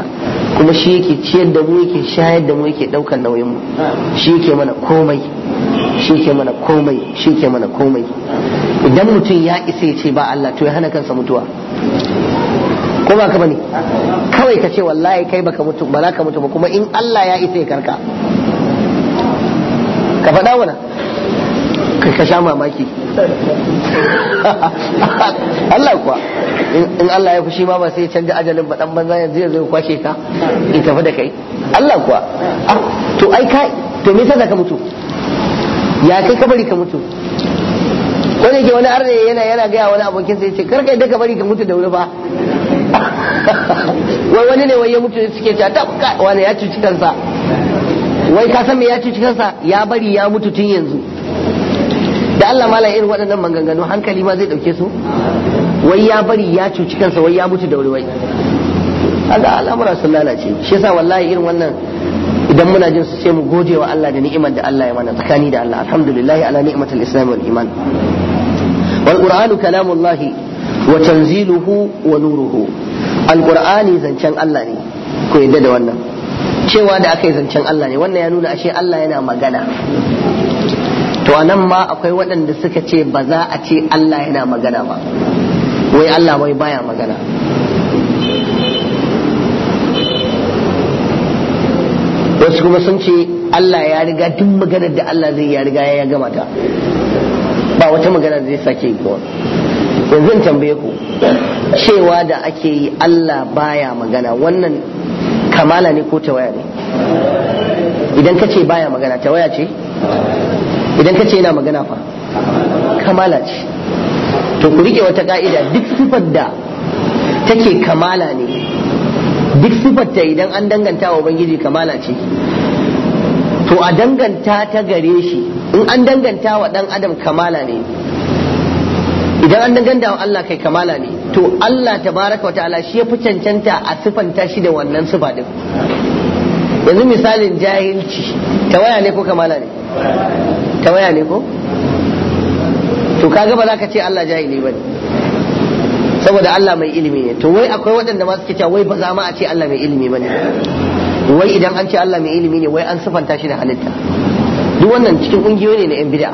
[SPEAKER 1] kuma shi yake ciyar da mu yake shayar da mu yake daukar nauyin mu shi yake mana komai shi yake mana komai shi yake mana komai idan mutum ya isa ya ce ba Allah to ya hana kansa mutuwa ko ba ka bane kawai ka ce wallahi kai baka mutu ba za ka mutu ba kuma in Allah ya isa ya karka ka faɗa wannan kai ka sha mamaki Allah kuwa in Allah ya fushi ma ba sai canja ajalin ba dan banza yanzu ya kwashe ka in tafi da kai Allah kuwa ah, to ai ka to me yasa ka mutu ya kai ka bari ka mutu ko ne ke wani arne yana yana ga wani abokin sai ce kar kai da ka bari ka mutu da wuri ba [LAUGHS] wai wani ne wai ya mutu suke cewa ta wani ya cuci kansa wai ka san me ya cuci kansa ya bari ya mutu tun yanzu Allah malam irin waɗannan maganganu hankali ma zai ɗauke su wai ya bari ya cuci kansa wai ya mutu da wuri wai Allah al'amura sun lalace shi yasa wallahi irin wannan idan muna jin su sai mu gode wa Allah da ni'imar da Allah ya mana tsakani da Allah alhamdulillah ala ni'matil islam wal iman wal qur'anu kalamullahi wa tanziluhu wa nuruhu qur'ani zancen Allah ne ko yadda da wannan cewa da aka yi zancen Allah ne wannan ya nuna ashe Allah yana magana to anan ma akwai waɗanda suka ce ba za a ce Allah yana magana ba wai Allah wai baya magana wasu kuma sun ce Allah ya riga duk maganar da Allah zai ya riga ya gama ta ba wata magana da zai sake kowa yanzu in tambaye ku cewa da ake yi Allah baya magana wannan kamala ne ko tawaya ne idan ka ce baya magana tawaya ce idan ka ce yana magana fa kamala ce to ku rike wata ka'ida duk sifar da take kamala ne duk sifar ta idan an danganta wa ubangiji kamala ce to a danganta ta gare shi in an danganta wa dan adam kamala ne idan an danganta wa Allah kai kamala ne to Allah tabaraka wa ta'ala shi ya fi cancanta a sifanta shi da wannan sifa din yanzu misalin
[SPEAKER 2] jahilci
[SPEAKER 1] ta waya ne ko kamala ne ta waya ne ko to kaga ba za ka ce Allah jahili ba saboda Allah mai ilimi ne to wai akwai waɗanda masu su ce wai ba za ma a ce Allah mai ilimi ba wai idan an ce Allah mai ilimi ne wai an sifanta shi da halitta duk wannan cikin ƙungiyoyi ne na yan bid'a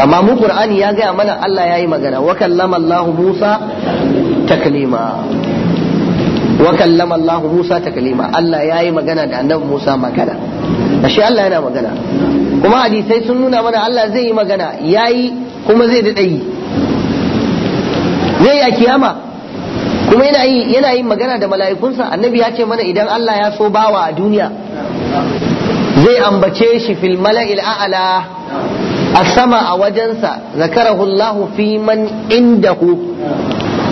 [SPEAKER 1] amma mu Qur'ani ya gaya mana Allah ya yi magana wa kallama Allah Musa taklima wa kallama Allah Musa taklima Allah ya yi magana da annabi Musa magana ashe Allah yana magana kuma hadisai sun nuna mana Allah zai yi magana yayi kuma zai da yi zai yi a kiyama kuma yana yi yin magana da mala'ikunsa annabi ya ce mana idan Allah ya so bawa a duniya zai ambace shi fil mala'il a'ala a sama a wajensa zakarahu Allah fi man indahu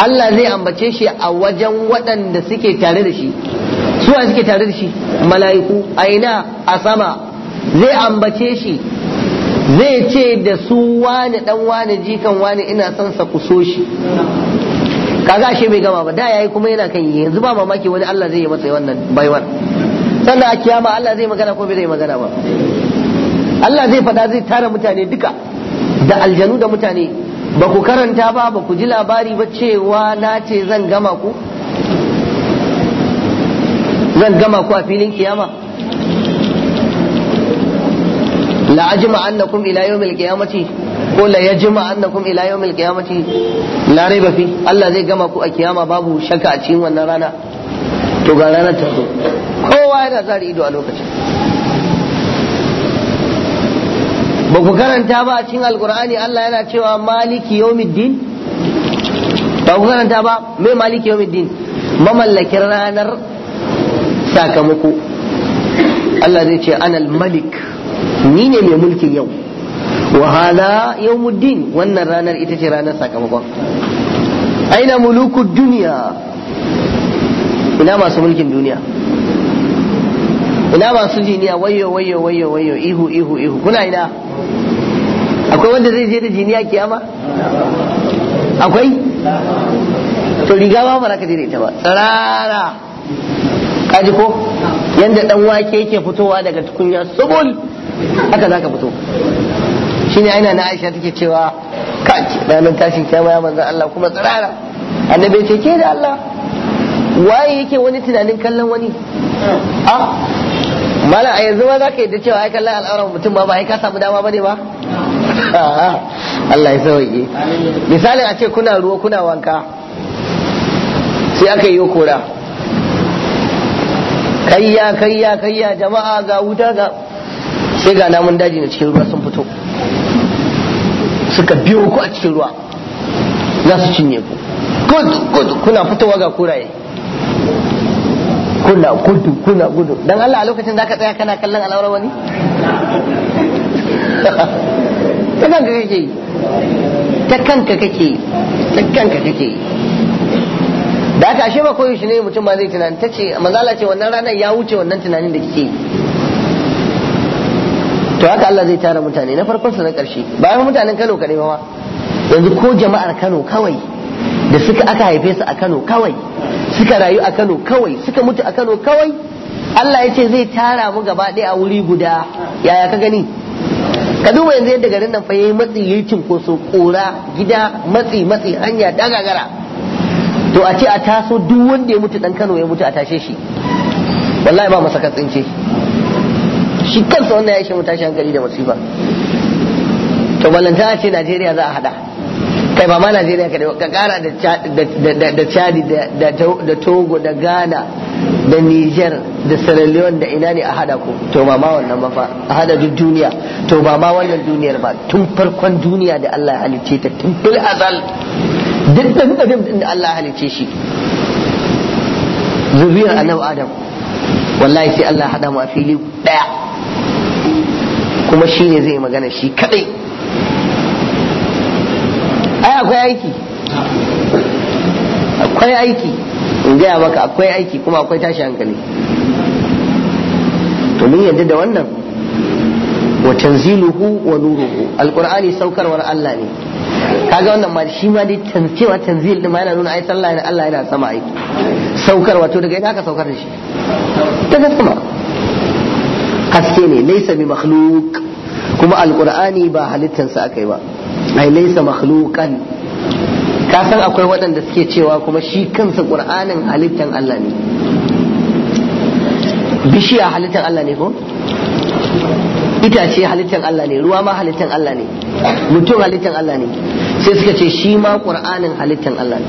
[SPEAKER 1] Allah zai ambace shi a wajen waɗanda suke tare da shi su a suke tare da shi mala'iku a ina a sama zai ambace shi zai ce da su wani dan wani jikan wani ina son sa kuso shi kaga ashe bai gama ba da yayi kuma yana kan yi yanzu ba mamaki wani Allah zai yi masa wannan baiwan. sannan a kiyama Allah zai magana ko bai zai magana ba Allah zai faɗa zai tara mutane duka da aljanu da mutane ba ku karanta ba ba ku ji labari ba cewa na ce zan gama ku zan gama ku a filin kiyama la ajma annakum ila yawmil qiyamati ko la yajma annakum ila yawmil qiyamati la raiba fi Allah zai gama ku a kiyama babu shakka a cikin wannan rana to ga ranar ta zo kowa yana zari ido a lokacin ba ku karanta ba a cikin alkur'ani Allah yana cewa maliki yawmiddin ba ku karanta ba me maliki yawmiddin mamallakin ranar sakamako Allah zai ce anal malik ni ne mai mulkin yau wahala yawmuddin wannan ranar ita ce ranar sakamakon aina muluku duniya ina masu mulkin duniya ina masu jiniya wayo wayo wayo wayo ihu ihu ihu kuna ina akwai wanda zai je da jiniya kiyama akwai to riga ba ba za ka je da ita ba tsirara kaji ko yanda dan wake yake fitowa daga tukunya subul haka zaka fito shine aina na Aisha take cewa ka kaci ranar tashin kiyama ya manzo Allah kuma tsirara annabi ce ke da Allah waye yake wani tunanin kallon wani a ah, mala a yanzu ma za ka yadda cewa ai kallon al'auran mutum ba ba ai ka samu dama bane ba [LAUGHS] Allah ya sauke misalin a ce kuna ruwa kuna wanka sai aka yi kora kayya kayya kayya jama'a ga wuta ga sai ga namun daji na cikin ruwa sun fito suka biyo ku a cikin ruwa za su cinye ku good good kuna fitowa ga kuraye kuna gudu kuna gudu dan Allah a lokacin zaka tsaya kana kallon al'awar wani ta kanka kake ta kanka kake yi ta kanka kake yi da aka ashe ba koyaushe ne mutum ma zai tunani ta ce mazala ce wannan ranar ya wuce wannan tunanin da kike to haka Allah zai tara mutane na farkon su na karshe ba ya mutanen Kano kare ba yanzu ko jama'ar Kano kawai da suka aka haife su a Kano kawai suka rayu a Kano kawai suka mutu a Kano kawai Allah ya ce zai tara mu gaba ɗaya a wuri guda yaya ka gani ka duba yanzu yadda garin nan fa yayi matsi yayi cinkoso kora gida matsi matsi hanya dagagara to a ce a taso duk wanda ya mutu dan Kano ya mutu a tashe shi wallahi ba masa katsince shi kansa wannan ya ishe mu tashi hankali da musiba to ballanta a ce Najeriya za a hada kai ba ma Najeriya kadai ka kara da Chadi da Togo da Ghana da Niger da Sierra Leone da ina ne a hada ku to ba ma wannan ba fa a hada duk duniya to ba ma wannan duniyar ba tun farkon duniya da Allah ya halicce ta tun fil azal duk dan adam din da Allah halice shi zuriyar annabi adam wallahi sai Allah hada mu a fili daya kuma shi ne zai magana shi kadai ai akwai aiki akwai aiki in gaya maka akwai aiki kuma akwai tashi hankali to mun yadda da wannan wa tanziluhu wa nuruhu alqur'ani saukarwar Allah ne kaga wannan ma shi ma dai cewa tanzil din ma yana nuna ai sallah ne Allah yana sama ai saukar wato daga ina aka saukar da shi daga sama haske ne laysa bi makhluq kuma alqur'ani ba halittansa akai ba ai laysa makhluqan ka san akwai waɗanda suke cewa kuma shi kansa qur'anin halittan Allah ne bishiya halittan Allah ne ko itace halittan Allah ne ruwa ma halittan Allah ne mutum halittan Allah ne sai suka ce shi ma qur'anin halittan Allah ne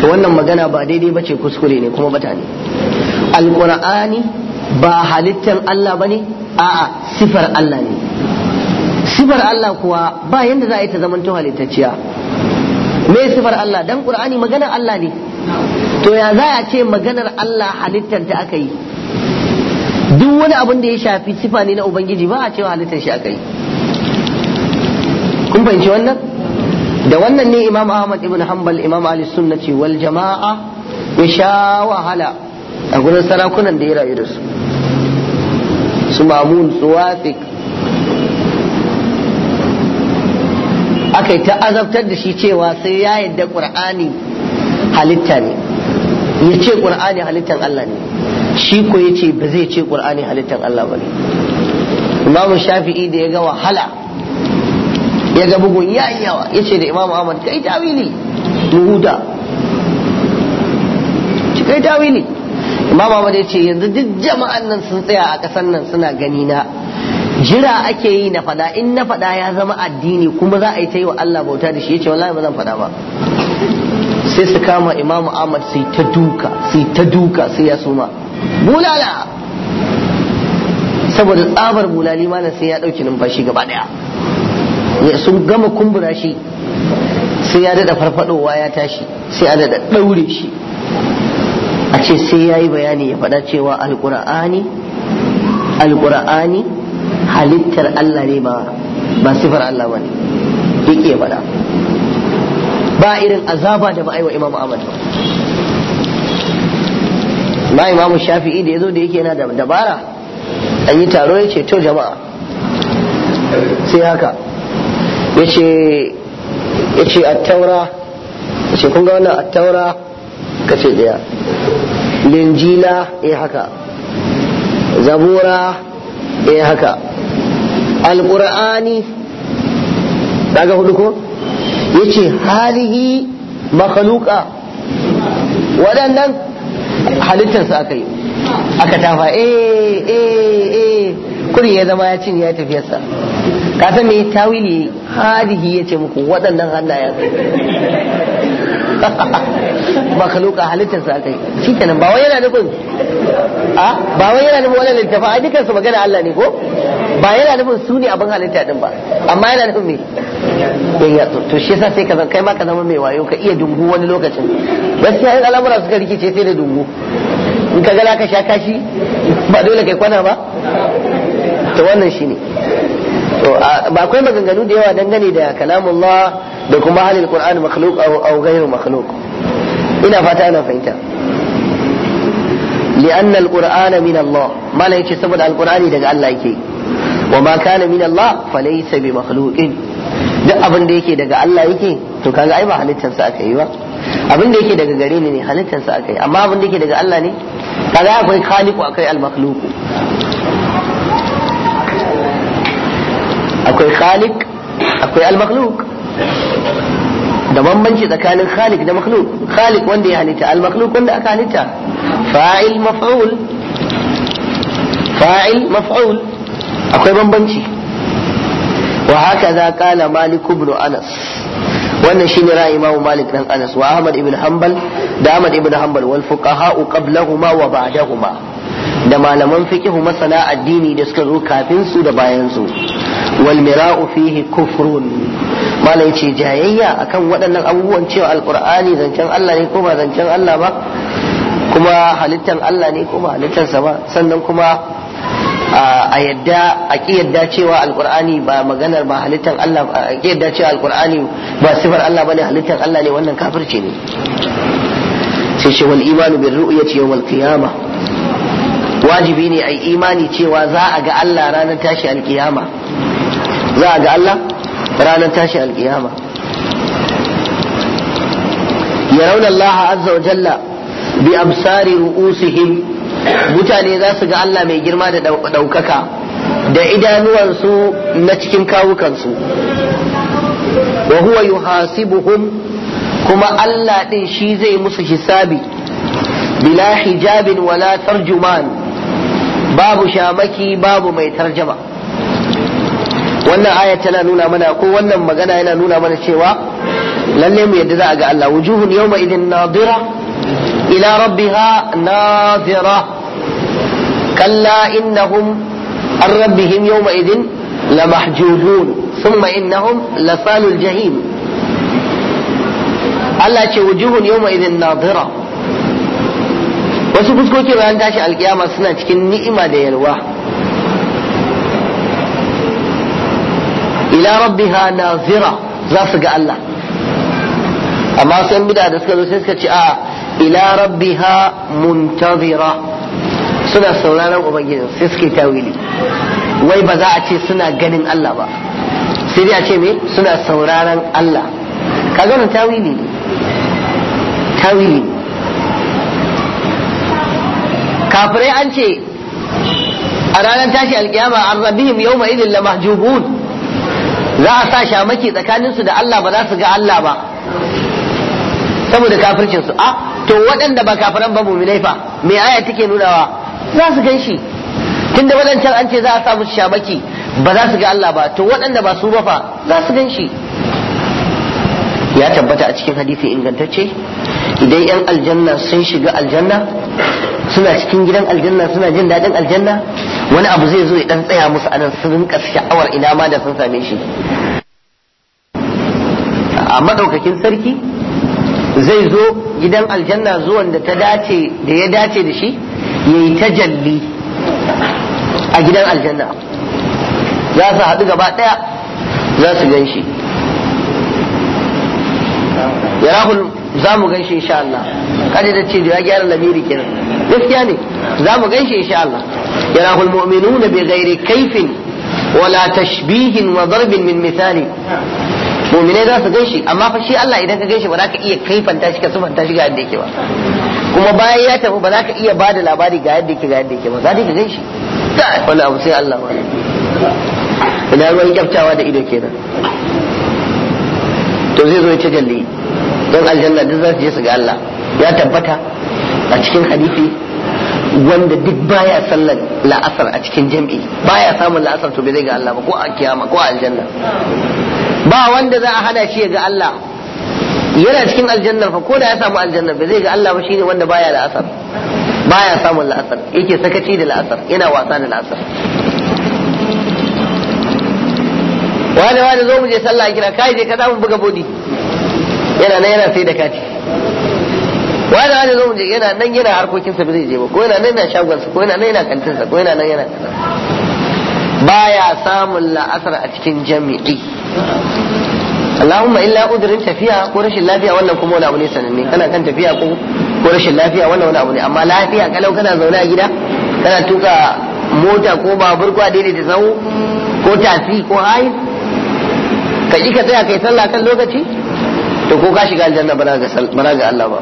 [SPEAKER 1] to wannan magana ba daidai ba ce kuskure ne kuma bata ne alqur'ani ba halittan Allah bane a'a sifar Allah ne sifar Allah kuwa ba yadda za a yi ta zamanto halittacciya me sifar Allah dan qur'ani magana Allah ne to ya za a ce maganar Allah halittar ta aka yi duk wani abin da ya shafi sifa ne na ubangiji ba a cewa halittar shi aka yi kun fahimci wannan da wannan ne imam ahmad ibn hanbal imam ali sunnati wal jama'a ya sha wahala a gurin sarakunan da ya rayu da su su mamun su wafik aka ta azabtar da shi cewa sai ya yadda qur'ani halitta ne ya ce qur'ani halittan Allah ne shi ko ya ce ba zai ce qur'ani halittan Allah ba ne imam shafi'i da ya ga wahala ya ga bugun ya yi yawa ya ce da imam ahmad kai tawili huda ci kai tawili imam ahmad ya ce yanzu duk jama'an nan sun tsaya a ƙasan nan suna gani na jira ake yi na fada in na fada ya zama addini kuma za a yi ta yi wa Allah bauta da shi ya ce wallahi ba zan fada ba sai su kama imamu ahmad sai ta duka sai ta duka sai ya suma bulala saboda tsabar bulali malam sai ya ɗauki numfashi gaba ɗaya sun gama kumbura shi sai ya daɗa farfadowa ya tashi sai a daɗa ɗaure shi a ce sai ya yi bayani ya faɗa cewa alƙur'ani alƙur'ani halittar Allah ne ba ba sifar Allah ba ne yake ya faɗa ba irin azaba da ba wa imamu Ahmad ba ma imamu shafi'i da ya zo da yake yana da dabara an yi taro ya ce to jama'a sai haka ya ce attaura ya ce kunga wannan attaura ka daya linjila ya eh haka zabura ya eh haka alƙur'ani daga hudu ko yace ce halihi makaluka waɗannan halittarsa aka yi aka tafa eh eh eh kuri ya zama ya cinye ya tafiyarsa ka san me tawili hadihi ya ce muku waɗannan hannayen ba ka loka halittarsa aka yi shi kenan ba wai yana nufin a ba wai yana nufin wannan littafa a su magana Allah ne ko ba yana nufin su ne abin halitta din ba amma yana nufin me dan ya to shi yasa sai ka zan kai ma ka zama mai wayo ka iya dungu wani lokacin gaskiya in al'amura suka rikice sai da dungu in ka ga ka sha kashi ba dole kai kwana ba to wannan shi ne ba akwai maganganu da yawa dangane da kalamun kalamullah da kuma halin qur'an makhluq aw aw ghayru ina fata ana fahimta لأن القرآن min allah ما لا يجي سبب القرآن daga Allah yake وما كان من الله فليس بمخلوق duk abin da yake daga Allah yake to kaga ai ba halittar sa aka yi ba abin da yake daga gare ni ne halittar sa aka yi amma abin da yake daga Allah ne kaga akwai khaliqu akai al makhluq akwai khalik akwai al-makhluq da bambanci tsakanin khalik da makhluk khalik wanda ya halitta al-makhluq wanda aka halitta fa'il maf'ul fa'il maf'ul akwai bambanci wa haka za kala malik ibn anas wannan shine ra'ayi imamu malik dan anas wa ahmad ibn hanbal da ahmad ibn hanbal wal fuqaha qablahuma wa ba'dahuma da malaman fiqhu masana addini da suka zo kafin su da bayan su wal mira'u fihi kufrun malai ce jayayya akan waɗannan abubuwan cewa alqur'ani zancen Allah ne ko ba zancen Allah ba kuma halittan Allah ne ko ba halittansa ba sannan kuma a yadda a ki yadda cewa alqur'ani ba maganar ba halittan Allah a ki yadda cewa alqur'ani ba sifar Allah bane halittan Allah ne wannan kafirci ne sai ce wal imanu bir ru'yati yawm al qiyamah wajibi ne a imani cewa za a ga Allah ranar tashi alkiyama za a ga Allah ranar tashi alkiyama yarawna Allah azza wa jalla bi absari ru'usihim mutane za su ga Allah mai girma da ɗaukaka da idanuwansu na cikin kawukansu wa huwa yuhasibuhum kuma Allah ɗin shi zai musu hisabi bila hijabin wala tarjuman babu shamaki babu mai tarjama wannan aya tana nuna mana ko wannan magana yana nuna mana cewa lalle mu yadda za a ga Allah wujuhun yawma idin nadira ila rabbiha nadira kalla innahum an rabbihim yawma idin lamahjubun thumma innahum lasalul jahim Allah ce wujuhun yawma idin nadira wasu fuskoki bayan tashi alkiyama suna cikin ni'ima da yalwa ila rabbiha nazira za su ga Allah amma sai bida da suka zo sai suka ce a ila rabbiha muntazira suna sauraron ubangiji sai suka tawili wai ba za a ce suna ganin Allah ba sai dai a ce me suna sauraron Allah kaga wannan tawili ne tawili ne kafirai an ce a ranar tashi alkiyama an rabihim yau ma idin lamahjubun za a sa shamaki tsakaninsu da Allah ba za su ga Allah ba saboda kafircinsu a ah, to waɗanda ba kafiran ba muminai fa me aya take nunawa za su gan shi tun da waɗancan an ce za a sa musu shamaki ba za su ga Allah ba to waɗanda ba su ba fa za su gan shi ya tabbata a cikin hadisi ingantacce idan 'yan aljanna sun shiga aljanna suna cikin gidan aljanna suna jin daɗin aljanna wani abu zai zo ya ɗan tsaya musu anan su rinka sha'awar ina ma da sun same shi a madaukakin sarki zai zo gidan aljanna zuwan da ta dace da ya dace da shi yayi tajalli a gidan aljanna za su haɗu gaba ɗaya za su gan shi ya za mu gan shi insha Allah kada da ce da ya gyara lamiri kenan gaskiya ne za mu shi insha Allah yarahu mu'minuna bi ghairi kaifin wala tashbihin wa darbin min misali Muminai za su shi amma fa shi Allah idan ka shi ba za ka iya kaifanta shi ka sufanta shi ga yadda yake ba kuma bayan ya tafi ba za ka iya ba da labari ga yadda yake ga yadda yake ba za ka gaishe Wala abu sai Allah wani ina ruwan kyaftawa da ido kenan to zai zo ya ce jalli don aljanna duk za su je su ga Allah ya tabbata a cikin hadisi wanda duk baya sallar la'asar a cikin jam'i baya samun la'asar to bai zai ga Allah ba ko a kiyama ko a aljanna ba wanda za a hada shi ga Allah yana cikin aljannar fa ko da ya samu aljannar bai zai ga Allah ba shine wanda baya la'asar baya samun la'asar yake sakaci da la'asar yana wasa da la'asar wani wani zo mu je sallah kira kai je ka za mu buga bodi yana nan yana sai da kati wani wani zo mu je yana nan yana harkokinsa ba zai je ba ko yana nan yana shagonsa ko yana nan yana kantinsa ko yana nan yana baya samun la'asar a cikin jami'i Allahumma illa udurin tafiya ko rashin lafiya wannan kuma wani abu ne sananne kana kan tafiya ko ko rashin lafiya wannan wani abu ne amma lafiya kalau kana zaune a gida kana tuka mota ko babur ko da zau ko tafi ko hayi ka ji ka tsaya kai sallah kan lokaci to ko ka shiga aljanna ba na ga Allah ba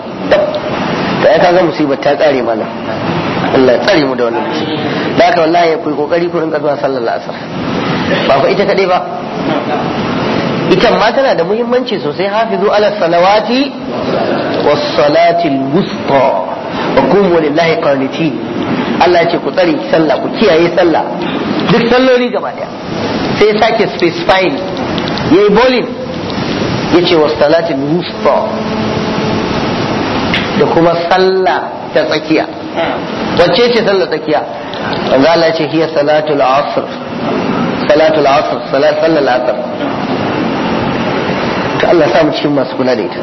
[SPEAKER 1] ta ya kaga musibar ta tsare mana Allah ya tsare mu da wannan musu da haka wallahi ya kuyi kokari ku rinka zuwa sallar asar ba ku ita kadai ba ita ma tana da muhimmanci sosai hafizu ala salawati wa salati wusta wa wani lillahi qanitin Allah ce ku tsare sallah ku kiyaye sallah duk salloli gaba daya sai ya sake specifying yayi bowling yace wa salatin wusta da kuma sallah ta tsakiya wacce ce sallah tsakiya wanda Allah ce hiya salatul asr salatul asr salat sallar asr to Allah sa mu cikin masu kula da ita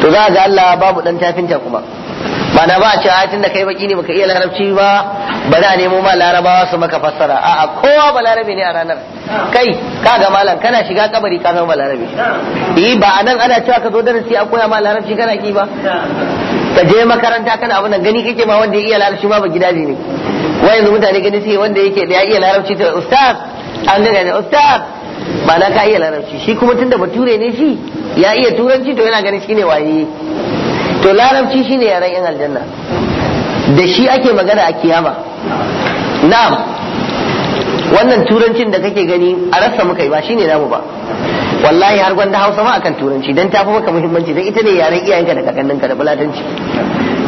[SPEAKER 1] to za ga Allah babu dan tafinta kuma ma'ana ba a ce tun da kai baki ne baka iya larabci ba ba za a nemo ma larabawa su maka fassara a kowa balarabe ne a ranar kai ka ga malam kana shiga kabari ka zama balarabe eh ba nan ana cewa ka zo darasi a koya ma larabci kana ki ba ka je makaranta kana abin gani kake ma wanda ya iya larabci ma ba gidaje ne wai yanzu mutane gani sai wanda yake da ya iya larabci ta ustaz an ga ne ustaz ba na ka iya larabci shi kuma tunda bature ne shi ya iya turanci to yana ganin shi ne waye to larabci shine yaren yan aljanna da shi ake magana a kiyama na'am wannan turancin da kake gani a rasa muka yi ba shine namu ba wallahi har gwanda hausa ma akan turanci don tafi maka muhimmanci don ita ne yaren iyayenka da kakanninka da bulatanci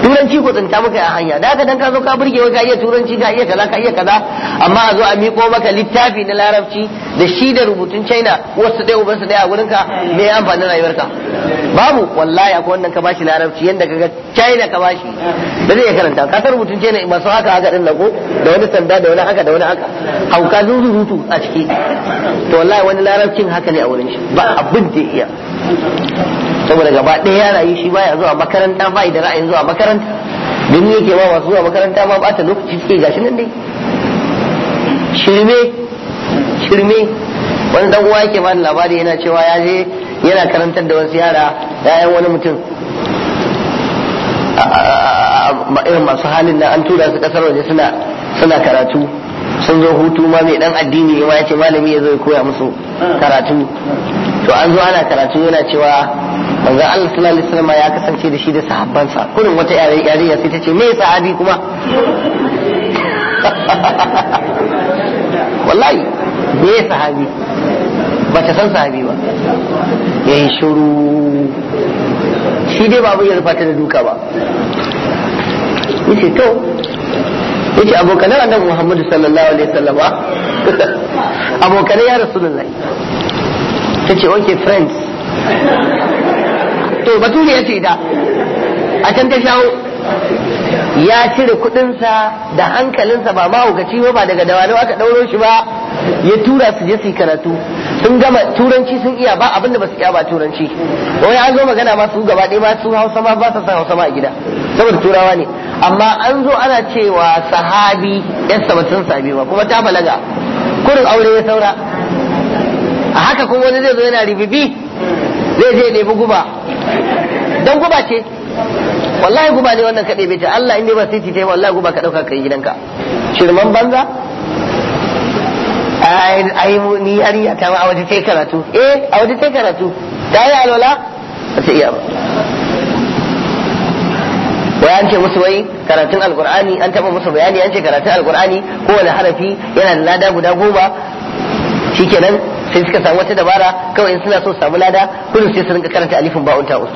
[SPEAKER 1] turanci ko tsinta maka a hanya da haka dan ka zo ka burge ka iya turanci ka iya kaza ka iya kaza amma a zo a miko maka littafi na larabci da shi da rubutun china wasu ɗaya uban su ɗaya a gurinka ka me amfanin rayuwarka babu wallahi akwai wannan ka bashi larabci yanda kaga china ka bashi da zai karanta ka san rubutun china masu haka haka din ko da wani sanda da wani haka da wani haka hauka rutu a ciki to wallahi wani larabcin haka ne a wurin shi ba abin da iya saboda gaba ɗaya ya rayu shi baya zuwa makaranta ba da ra'ayin zuwa makaranta don yake ba wasu zuwa makaranta ba bata lokaci suke gashi nan dai shirme shirme wani dan uwa yake bani labari yana cewa ya je yana karantar da wasu yara yayan wani mutum irin masu halin na an tura su kasar waje suna suna karatu sun zo hutu ma mai dan addini ma ya ce malami ya zo ya koya musu karatu to an zo ana karatu yana cewa manzon Allah sallallahu alaihi wasallam ya kasance da shi da sahabbansa kullum wata yarinya sai ta ce me sahabi kuma [LAUGHS] wallahi me sahabi ba ta san sahabi ba ya yi shuru shi dai babu ya rufa da duka ba yace to yace abokan annabi Muhammadu sallallahu alaihi wasallam [LAUGHS] abokan ya rasulullahi ta ce okay friends to bature ya ce ita a can ta shawo ya cire kudinsa da hankalinsa ba mahaukaci ba ba daga dawalau aka ɗauro shi ba ya tura su je su karatu sun gama turanci sun iya ba abinda ba su iya ba turanci wani an zo magana ma su gaba ɗaya ba su hausa ma ba su san hausa ma a gida saboda turawa ne amma an zo ana cewa sahabi yan sun sabi ba kuma ta balaga kurin aure ya saura a haka kuma wani zai zo yana ribibi zai je nemi guba don guba ce wallahi guba ne wannan kaɗai bai ce Allah inda ba ba yi tai wallahi guba ka ɗauka kai gidanka shirman banza ai ni yarinya ta ma a waje tai karatu eh a waje tai karatu ta yi alwala ba ce iya ba wai an ce musu wai karatun alkur'ani an taba musu bayani an ce karatun alkur'ani kowane harafi yana da lada guda goma shikenan sai suka samu wata dabara kawai in suna so samu lada kullum sai su rinka karanta alifin ba'un ta'us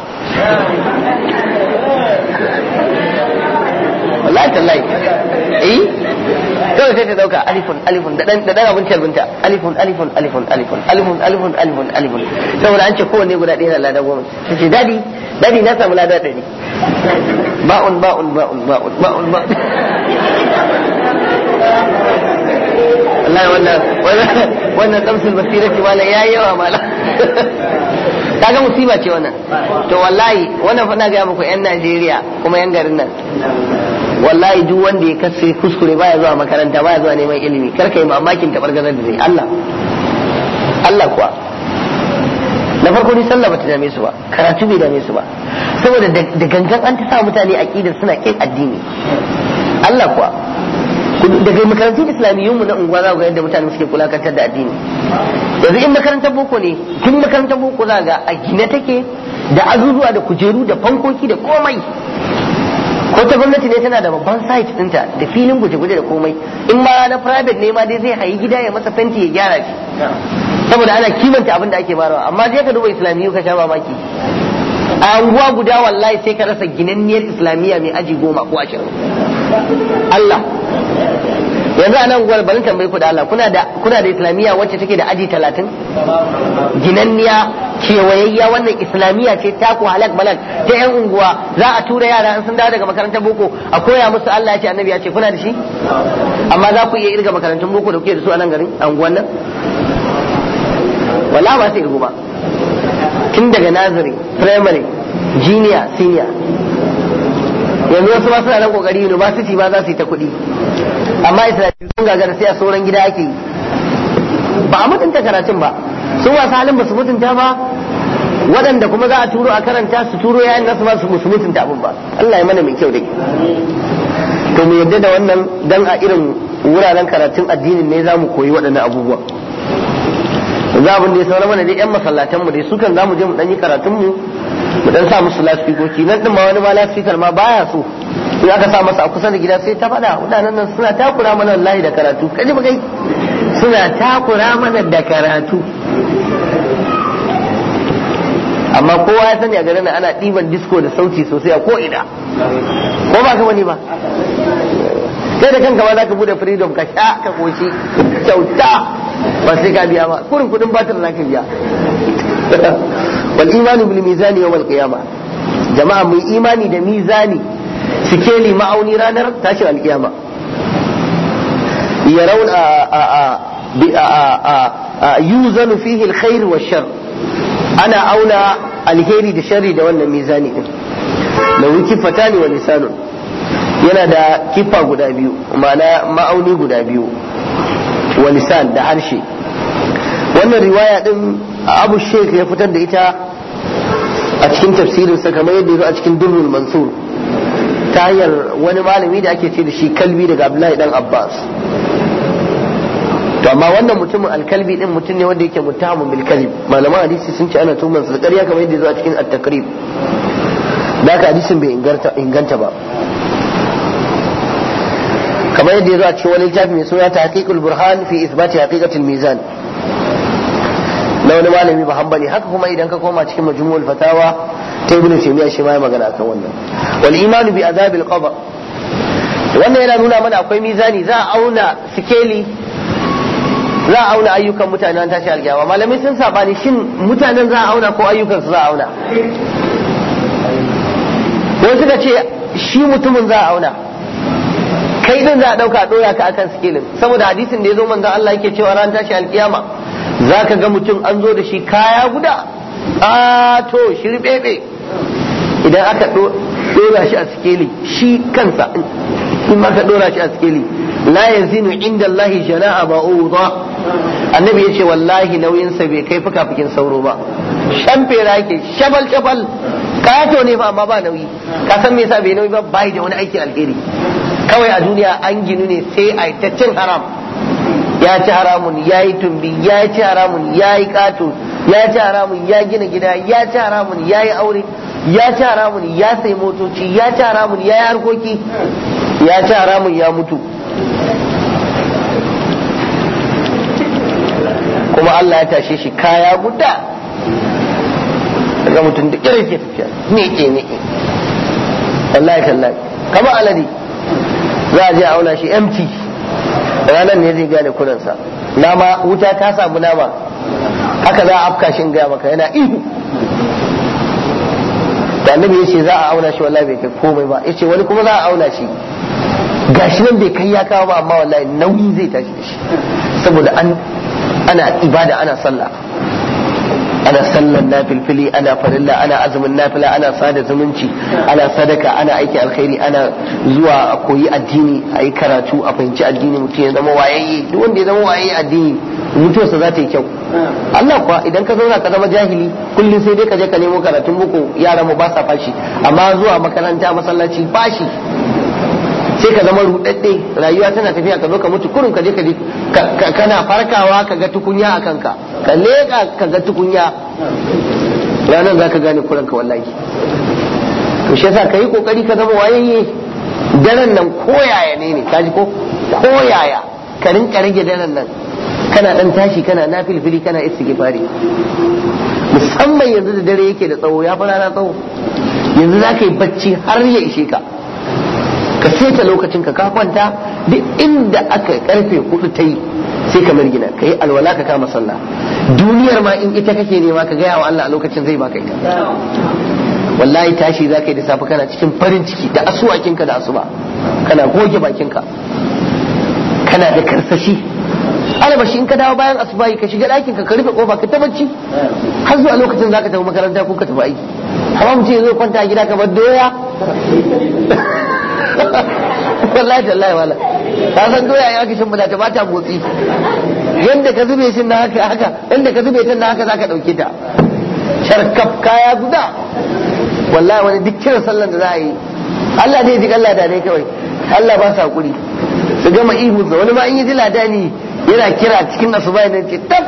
[SPEAKER 1] wallahi tallahi eh kawai sai ta dauka alifun alifun da dan da dan abin talbinta alifun alifun alifun alifun alifun alifun alifun alifun saboda an ce kowanne guda ɗaya da lada goma sai dadi dadi na samu lada ɗari ba'un ba'un ba'un ba'un ba'un
[SPEAKER 2] ba'un wallahi
[SPEAKER 1] wannan wannan damsul basira ki mala yayi yawa mala kaga musiba ce wannan to wallahi wannan fa na ga muku yan Najeriya kuma yan garin nan wallahi duk wanda ya kace kuskure baya zuwa makaranta baya zuwa neman ilimi kar kai mamakin ta bargazar da zai Allah Allah kuwa na farko ni sallah bata dame su ba karatu bai dame su ba saboda da gangan an ta sa mutane aqidar suna kin addini Allah kuwa daga makarantun islamiyyun mu na unguwa za ga yadda mutane suke kulakantar da addini yanzu in makarantar boko ne tun makarantar boko za ga a gina take da azuzuwa da kujeru da fankoki da komai ko ta gwamnati ne tana da babban site dinta da filin guje-guje da komai in ma na private ne ma dai zai hayi gida ya masa fenti ya gyara shi saboda ana kimanta abin da ake barawa amma zai ka duba islamiyyu ka sha mamaki a anguwa guda wallahi sai ka rasa ginanniyar islamiyya mai aji goma ko ashirin Allah yanzu anan gwal bari tambayi ku da Allah kuna da kuna da islamiyya wacce take da aji 30 ginanniya kewayayya wannan islamiyya ce ta ku halak balak ta yan unguwa za a tura yara an sun dawo daga makarantar boko a koya musu Allah ya ce annabi ya ce kuna da shi amma za ku iya irga makarantun boko da kuke da su a nan garin a unguwan nan wala ba sai irgu ba tun daga nazari primary junior senior yanzu wasu ba suna nan kokari university ba za su yi ta kuɗi amma isra'il sun gagara sai a sauran gida ake yi ba a mutunta karatun ba sun wasu halin ba su mutunta ba waɗanda kuma za a turo a karanta su turo yayin nasu ba su mutunta abin ba Allah ya mana mai kyau da to mu yadda da wannan dan a irin wuraren karatun addinin ne za mu koyi waɗannan abubuwa za abin da ya mana dai yan masallatan mu dai sukan za mu je mu ɗan yi karatun mu mu dan sa musu lasfikoki nan din ma wani ma lasfikar ma baya so in aka sa masa a kusa da gida sai ta fada wadannan nan suna takura mana wallahi da karatu kaji mu kai suna takura mana da karatu amma kowa ya sani a garin ana ɗiban disko da sauti sosai a ko'ina ko ba ka wani ba sai da kanka ba za ka bude freedom ka sha ka koshi kyauta ba sai ka biya ba kurin kudin batir na ka biya wal imani bil mizani al qiyamah jama'a mu imani da mizani suke li ma'auni ranar tashin alkiyama yarawun a yuzanu fihi khair wa shar ana auna alheri da sharri da wannan mizani din wuki fatani wa lisanun yana da kifa guda biyu ma'ana ma'auni guda biyu wa lisan da harshe wannan riwaya din abu sheikh ya fitar da ita a cikin tafsirin sa kamar yadda ya zo a cikin durrul mansur ta hanyar wani malami da ake ce da shi kalbi daga abdullahi dan abbas to amma wannan mutumin alkalbi din mutum ne wanda yake mutamu bil kalbi malaman hadisi sun ce ana tuhumar sa da ƙarya kamar yadda ya zo a cikin at-takrib da ka hadisin bai inganta ba kamar yadda ya zo a cikin wani littafi mai suna tahqiqul burhan fi ithbati haqiqatil mizan na wani malami ba hanbali haka kuma idan ka koma cikin majmu'ul fatawa ta ibnu taymiya shi ma ya magana akan wannan wal iman bi azabil qabr wannan yana nuna mana akwai mizani za a auna sikeli za a auna ayyukan mutane an tashi alkiyama malamai sun sabani shin mutanen za a auna ko ayyukan su za a auna ko suka ce shi mutumin za a auna kai din za a dauka doya ka akan sikelin saboda hadisin da ya zo manzon Allah yake cewa ran tashi alkiyama za ka ga mutum an zo da shi kaya guda a to shirbebe idan aka dora shi a sikeli shi kansa in ma ka dora shi a sikeli la yazinu inda Allah jana'a ba'udha annabi ya ce wallahi nauyin bai kai fuka fukin sauro ba shan fera yake shabal shabal kato ne ba amma ba nauyi ka san me yasa bai nauyi ba bai da wani aikin alheri kawai a duniya an ginu ne sai a ta haram ya ci haramun ya yi tumbi ya ci haramun ya yi kato ya ci haramun ya gina gida ya ci haramun ya yi aure ya ci haramun ya sai motoci ya ci haramun ya yi harkoki ya ci haramun ya mutu kuma Allah ya tashe shi kaya guda daga mutum da irin ke tafiya ne ke ne wallahi tallahi kama alade za a je a auna shi empty ranar ne zai gane kuransa nama wuta ta samu nama haka za a afka gaya maka yana ihu da annabi ya ce za a auna shi wallahi bai kai komai ba ya ce wani kuma za a auna shi gashi nan bai kai ya kawo ba amma wallahi nauyi zai tashi da shi saboda ana ibada ana sallah ana sallan nafilfili ana farilla ana azumin nafila ana sada zumunci ana sadaka ana aiki alkhairi ana zuwa a koyi addini a yi karatu a fahimci addini mutum ya zama wayayye duk wanda ya zama wayayye addini mutuwarsa za ta yi kyau Allah kuwa idan ka zauna ka zama jahili kullum sai dai ka je ka nemo karatun muku yaran mu ba sa fashi amma zuwa makaranta masallaci fashi sai ka zama rudadde rayuwa tana tafiya ka zo ka mutu kurun ka je ka kana farkawa ka ga tukunya a kanka ka leka ka ga tukunya ranar za ka gane kuranka wallahi to shi yasa ka kokari ka zama wayayye daren nan koyaya ne ne kaji ko koyaya ka rinka rage daren nan kana dan tashi kana na filfili kana istighfari musamman yanzu da dare yake da tsawo ya fara na tsawo yanzu za ka yi bacci har ya ishe ka ka seta lokacin ka kwanta duk inda aka karfe hudu ta yi sai ka margina ka yi alwala ka kama sallah duniyar ma in ita kake nema ka gaya wa Allah a lokacin zai baka ita wallahi tashi za ka yi da safe kana cikin farin ciki da asuwakinka da asuba kana goge bakinka kana da karsashi albashi in ka dawo bayan asubahi ka shiga ɗakin ka rufe kofa ka ta bacci har zuwa lokacin za ka tafi makaranta ko ka tafi aiki amma mutum ya zo kwanta a gida kamar doya wallahi tallahi wala ka san doya ya aka ba ta motsi yanda ka zube shi na haka haka inda ka zube ta na haka zaka dauke ta sharkaf kaya guda wallahi wani duk kiran sallan da za a yi Allah ne jik Allah da ne kawai Allah ba sa hakuri su gama ihu da wani ma in yi da ni yana kira cikin asuba ne ce tab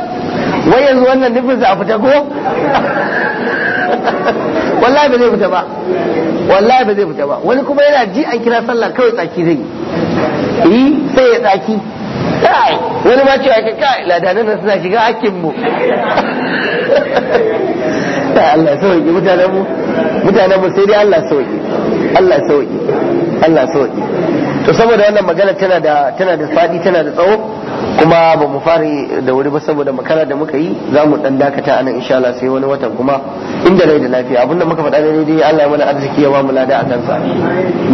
[SPEAKER 1] wai yanzu wannan nufin za a fita ko wallahi ba zai fita ba wallahi ba zai fita ba wani kuma yana ji an kira sallah kawai tsaki zai yi eh, sai ya tsaki kai wani ma cewa ka kai ladanan nan suna shiga hakkin mu [LAUGHS] Allah sauki mutanen mu mutanen mu sai dai Allah sauki Allah sauki Allah sauki to saboda wannan magana tana da tana da fadi tana da tsawo kuma ba mu fari da wuri ba saboda makara da muka yi za mu dan dakata anan insha Allah sai wani watan kuma inda rai da lafiya abinda muka faɗa dai dai Allah ya mana arziki ya ba mu lada a kansa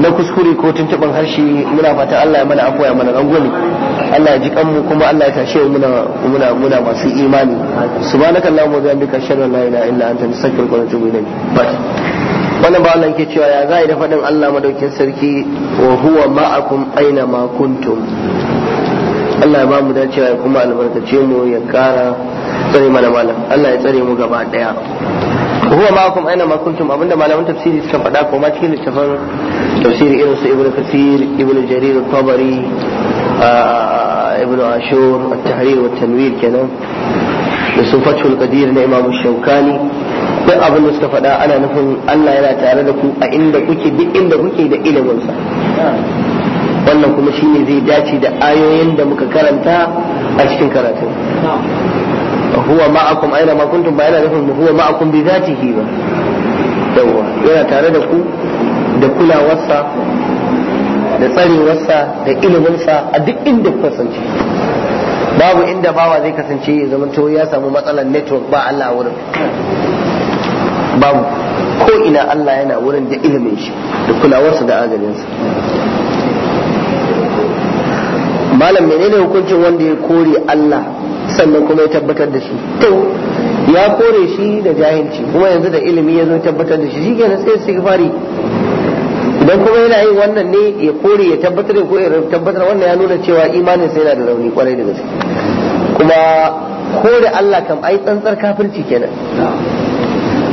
[SPEAKER 1] na kuskure ko tuntuban harshe muna fata Allah ya mana afwa ya mana rangwame Allah ya ji kanmu kuma Allah ya tashe mu muna muna muna masu imani subhanakallahumma wa bihamdika ashhadu an la ilaha illa anta astaghfiruka wa atubu ilayk wannan ba Allah yake cewa ya za da faɗin Allah madaukin sarki wa huwa ma'akum aina ma kuntum Allah ya ba mu dacewa ya kuma albarkace mu ya kara tsare mana malam Allah ya tsare mu gaba daya huwa ma'akum aina ma kuntum abinda malamin tafsiri suka faɗa ko ma cikin littafin tafsiri irin su ibnu kathir ibnu jarir tabari ibnu ashur at-tahrir wa tanwir kenan da su fathul qadir na imam shaukani duk abin da suka faɗa ana nufin Allah yana tare da ku a inda kuke duk inda kuke da ilimin sa wannan kuma shi ne zai dace da ayoyin da muka karanta a cikin karatu huwa ma'akum aina ma kuntum ba yana nufin huwa ma'akum bi zatihi ba yawa yana tare da ku da kulawarsa da tsarewarsa da iliminsa a duk inda ku kasance babu inda bawa zai kasance ya zama to ya samu matsalar network ba Allah wurin babu ko ina Allah yana wurin da ilimin shi da kulawarsa da agarinsa malam menene hukuncin wanda ya kore Allah sannan kuma ya tabbatar da shi to ya kore shi da jahilci kuma yanzu da ilimi ya zo tabbatar da shi shi kenan sai istighfari idan kuma yana yin wannan ne ya kore ya tabbatar ko ya tabbatar wannan ya nuna cewa imanin sai yana da rauni kwarai da gaske kuma kore Allah kam ai tsantsar kafirci kenan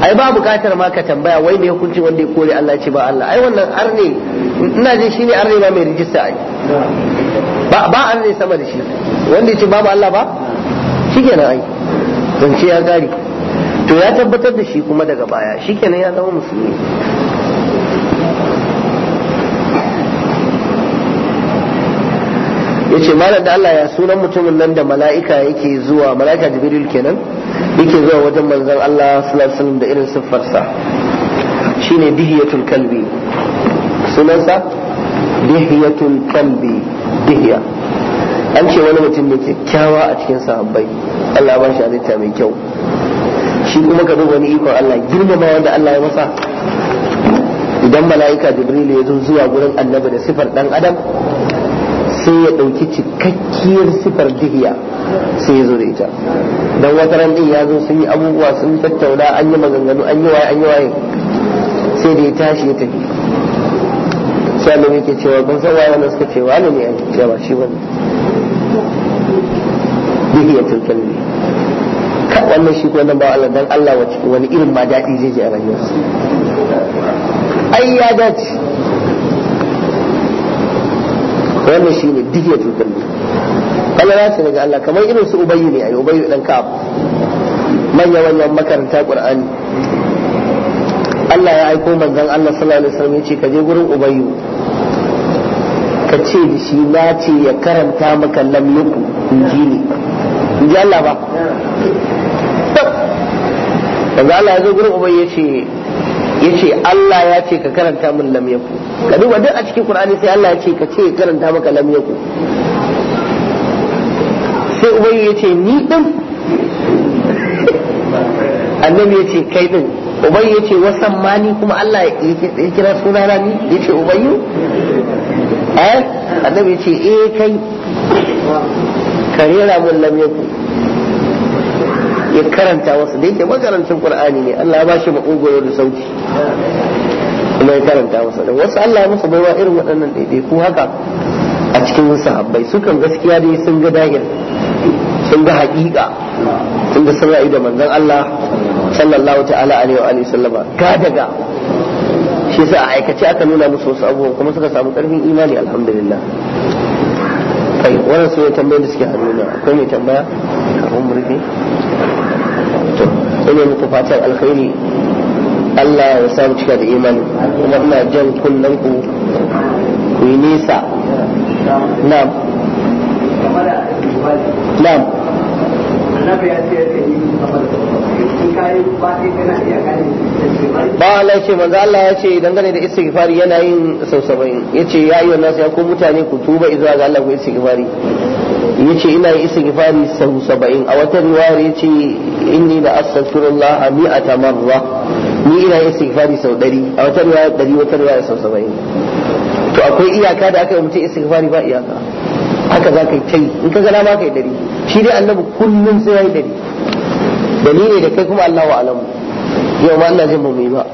[SPEAKER 1] ai ba bukatar ma ka tambaya wai me hukunci wanda ya kore Allah ce ba Allah ai wannan arne ina jin shine arne ba mai rijista ai ba an ne sama da shi wanda ya ce babu Allah ba shikenan ai zance ya gari to ya tabbatar da shi kuma daga baya shikenan ya zama musulmi ce malam da Allah ya sunan mutumin nan da mala'ika yake zuwa mala'ika jibril kenan yake zuwa wajen manzan Allah sallallahu da irin siffarsa shine dihiyatul kalbi sunansa dihiyatul kalbi dihiya an ce wani mutum ne kyakkyawa a cikin sahabbai Allah ba shi halitta mai kyau shi kuma ka duba wani ikon Allah girmama wanda Allah ya masa idan mala'ika jibril ya zo zuwa gurin annabi da sifar dan adam sai ya ɗauki cikakkiyar sifar dihiya sai ya zo da ita dan wata ran din ya zo sun yi abubuwa sun tattauna an yi maganganu an yi waye an yi waye sai da ya tashi ya tafi salim yake cewa kun san waye ne suka ce wani ne an cewa shi bane bihi ya ne ka wannan shi ko nan ba Allah dan Allah wani irin ma daɗi zai ji a rayuwarsa ai ya dace wannan shi ne duk ya cutar ne Allah ya ce daga Allah kamar irin su ubayi ne ayi ubayi dan ka manya manyan makaranta qur'ani Allah ya aiko manzon Allah sallallahu alaihi wasallam yace ka je gurin ubayyu ka ce da shi na ce ya karanta maka lam yaku injili in Allah ba da Allah ya zo gurin ubayyu yace yace Allah ya ce ka karanta min lam yaku ka duba duk a cikin Qur'ani sai Allah ya ce ka ce karanta maka lam yaku sai ubayyu yace ni din [LAUGHS] annabi yace kai din ubayyu yace wasan mani kuma Allah ya kira suna na ni yace ubayyu eh annabi yace eh kai karera mun lam yaku ya karanta wasu da yake magarancin qur'ani ne Allah ya bashi makogoro da sauki kuma ya karanta wasu da wasu Allah ya musu baiwa irin waɗannan ko haka a cikin wasu Habbai sukan gaskiya dai sun ga dahil sun ga haƙiƙa sun ga sana'i da manzon Allah sallallahu ta'ala alaihi wa alihi sallama ka daga shi sa a aikace aka nuna musu wasu abubuwan kuma suka samu karfin imani alhamdulillah kai wannan su ne tambayar da suke hannuna akwai mai tambaya a mu to ina muku fatan alkhairi Allah ya mu cika da imani kuma ina jan kullun ku ku yi nisa na'am na'am
[SPEAKER 2] annabi ya ce ka yi in ka yi ba kai kana iya gane ba
[SPEAKER 1] Allah ce manzo Allah ya ce dangane da istighfari yana yin sau 70 yace ya ayyuhan nasu ya ko mutane ku tuba izuwa ga Allah ku istighfari yace ina yin istighfari sau 70 a wata riwayar yace inni la astaghfirullah mi'ata marra ni ina yin istighfari sau 100 a wata riwaya 100 wata riwaya sau 70 to akwai iyaka da aka yi mutum istighfari ba iyaka haka za ka yi ta yi in ka gana ma ka yi dari shi dai annabi kullum sai ya yi dari dalili da kai kuma Allah wa alamu yau ma Allah zai mu yi ba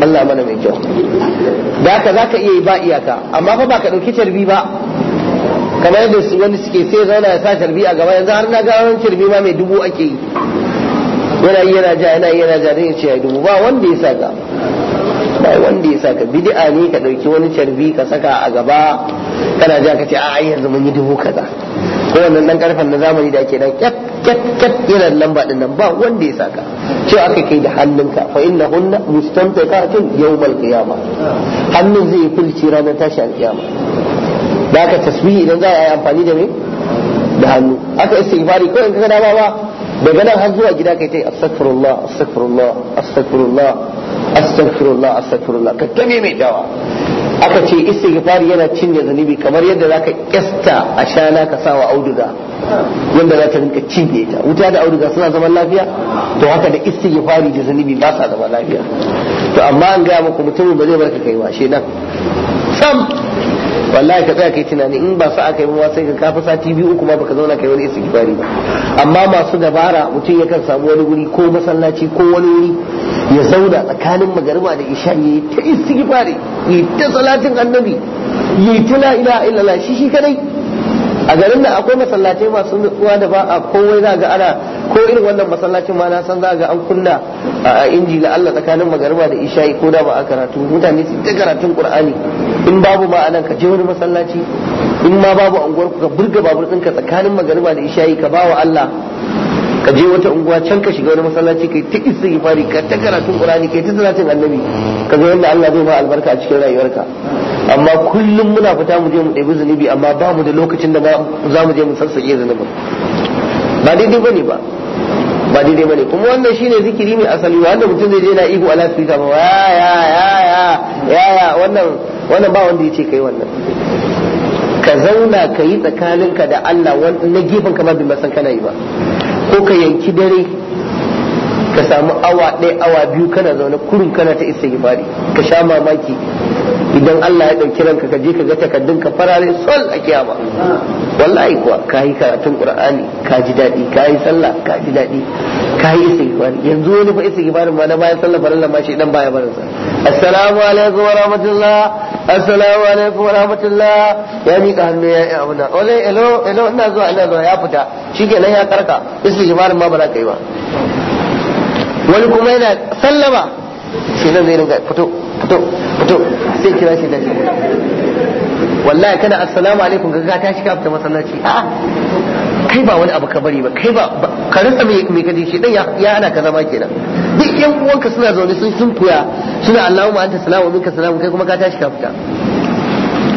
[SPEAKER 1] Allah mana mai kyau da haka za ka iya yi ba iyaka amma fa ba ka ɗauki tarbi ba kamar yadda wani suke sai zauna ya sa tarbi a gaba yanzu har na ga wani tarbi ma mai dubu ake yi yana yi yana ja yana yi yana ja don ya ce ya dubu ba wanda ya sa ga ba wanda ya saka bid'a ne ka dauki wani carbi ka saka a gaba kana ji ka ce a ai yanzu mun yi dubu kaza ko wannan dan karfan na zamani da ake nan kyat kyat kyat yana lamba din nan ba wanda ya saka ce aka kai da hannunka fa hunna mustamtaqatun yawmal qiyama hannun zai fulci ranar tashi alkiyama da aka tasbihi idan za a yi amfani da me da hannu aka istighfari ko in kaga dama ba daga nan har zuwa gida kai ta astaghfirullah astaghfirullah astaghfirullah astaghfirullah astaghfirullah ka mai dawa aka ce istighfar yana cinye zunubi kamar yadda zaka kesta a shana ka sawa auduga wanda za ta rinka cinye ta wuta da auduga suna zaman lafiya to haka da istighfar da zunubi ba sa zaman lafiya to amma an gaya muku mutumin ba zai barka kai washe nan sam wallahi ka tsaya kai tunani in ba sa aka yi mawa sai ka kafa sati biyu kuma baka zauna kai wani istighfari amma masu dabara mutum yakan samu wani wuri ko masallaci ko wani wuri ya zauna tsakanin magariba da isha ya ta istighfari ya ta salatin annabi ya ta la ilaha illallah shi shi kadai a garin da akwai masallatai masu nutsuwa da ba a kowai za ga ana ko irin wannan masallacin ma na san za ga an kunna a inji la Allah tsakanin magariba da isha'i ko da ba a karatu mutane su ta karatun qur'ani in babu ma anan ka je wani masallaci in ma babu unguwar ku ka burga babur ka tsakanin magariba da isha'i ka bawa Allah ka je wata unguwa can ka shiga wani masallaci kai ta istighfari ka ta karatun qur'ani kai ta salatin annabi ka ga yadda Allah zai ba albarka a cikin rayuwarka amma kullum muna fita mu je mu ɗebi zunubi amma ba mu da lokacin da za mu je mu sassaƙe zunubin ba daidai bane ba ba daidai bane kuma wannan shine zikiri mai asali wanda mutum zai je na ihu ala sika ba ya ya ya ya ya wannan wannan ba wanda yace kai wannan ka zauna ka yi tsakaninka da Allah na gefen kamar bin san kana yi ba ko ka yanki dare ka samu awa ɗaya awa biyu kana zaune kurun kana ta isa istighfari ka sha mamaki idan Allah ya ɗauki ranka ka je ka ga takaddun ka farare sol a kiyama wallahi kuwa ka yi karatun qur'ani ka ji daɗi ka yi sallah ka ji daɗi ka yi istighfar yanzu wani fa istighfarin ma na bayan sallah farallan ma shi dan baya barin sa assalamu alaikum wa rahmatullah assalamu alaikum wa rahmatullah ya mika hannu ya yi abuna ole elo elo ina zuwa ina zuwa ya fita shikenan ya karka istighfarin ma ba za ka yi ba wani kuma yana sallama shi nan zai ringa fito fito fito sai kira shi da shi wallahi kana assalamu alaikum ga ta shi ka fita masallaci a kai ba wani abu ka bari ba kai ba ka rasa mai kaji shi dan ya ana ka zama kenan duk yan uwanka suna zaune sun sun kuya suna Allahumma anta salamu minka salamu kai kuma ka tashi ka fita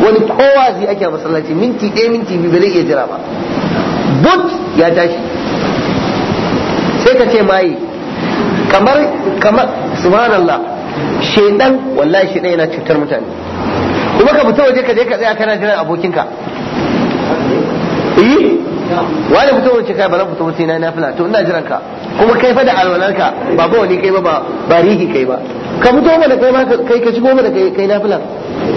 [SPEAKER 1] wani kowa zai ake masallaci minti ɗaya minti biyu ba iya jira ba but ya tashi sai ka ce mai kamar kamar subhanallah shedan wallahi shedan yana cutar mutane kuma ka fita waje ka je ka tsaya kana jiran abokinka eh wani fito wace kai ba ku fito sai na nafila to ina jiran ka kuma kai fa da alwalarka ba ba wani kai ba ba ba kai ba ka fito mana kai ma kai ka shigo mana kai kai nafila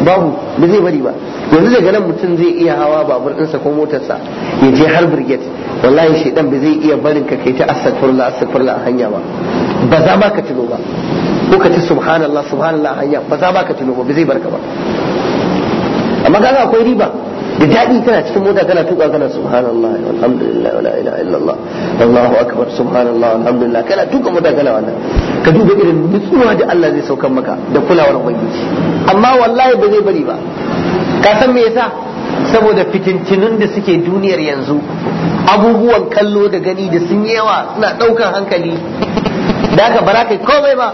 [SPEAKER 1] babu ba zai bari ba yanzu daga nan mutum zai iya hawa babur ɗinsa ko motarsa ya je har brigade wallahi shedan ba zai iya barin ka kai ta astaghfirullah astaghfirullah a hanya ba ba za ma ka tuno ba ko ka ci subhanallah subhanallah hanya ba za ma ka tuno ba ba zai barka ba amma kaga akwai riba da daɗi tana cikin mota kana tuka kana subhanallah alhamdulillah wala ilaha illallah allahu akbar subhanallah alhamdulillah kana tuka mota kana wannan ka duba irin nutsuwa da Allah zai saukan maka da kulawar ubangiji amma wallahi ba zai bari ba ka san me yasa saboda fitintinun da suke duniyar yanzu abubuwan kallo da gani da sun yawa suna ɗaukan hankali da aka bara kai komai ba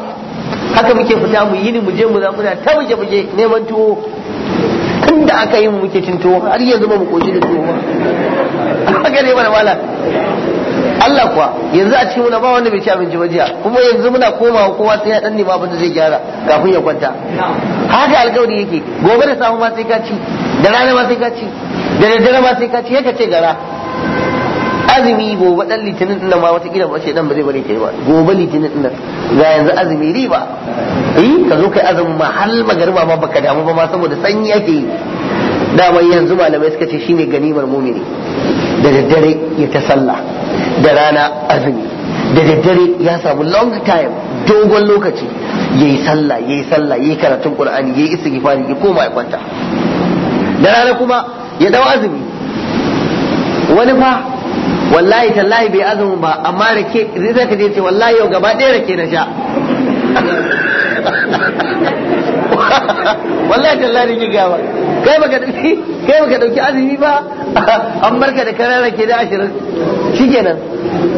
[SPEAKER 1] haka muke fita mu yini mu je mu za muna ta buge-buge. neman tuwo Inda aka yi mu muke tuntuwa, har yanzu ba mu koshi da tuwo ba [LAUGHS] haka ne mana wala Allah kuwa yanzu a cikin muna ba wanda bai ci abinci ba jiya kuma yanzu muna komawa kowa sai ya dan nema abin da zai gyara kafin ya kwanta haka alkawari yake gobe da safe ma sai ka ci da rana ma sai ka ci da daddare ma sai ka ci yaka ce gara azumi gobe dan litinin din ma wata kila ba ɗan ba zai bari kai ba gobe litinin din ga yanzu azumi riba eh ka zo kai azumin ma hal magariba ma baka damu ba ma saboda sanyi ake yi dama yanzu malamai suka ce shine ganimar mumini da daddare ya ta sallah da rana azumi da daddare ya samu long time dogon lokaci ya yi sallah ya yi sallah ya yi karatun ƙul'ani ya yi istighfari ya koma ya kwanta da rana kuma ya dawo azumi wani fa wallahi tallahi bai azumi ba amma rake zai zaka je ce wallahi yau gaba ɗaya rake na sha
[SPEAKER 2] [LAUGHS]
[SPEAKER 1] wallahi tallahi ne gawa kai baka kai baka dauki azumi ba [LAUGHS] an barka da karara ke da ashirin shikenan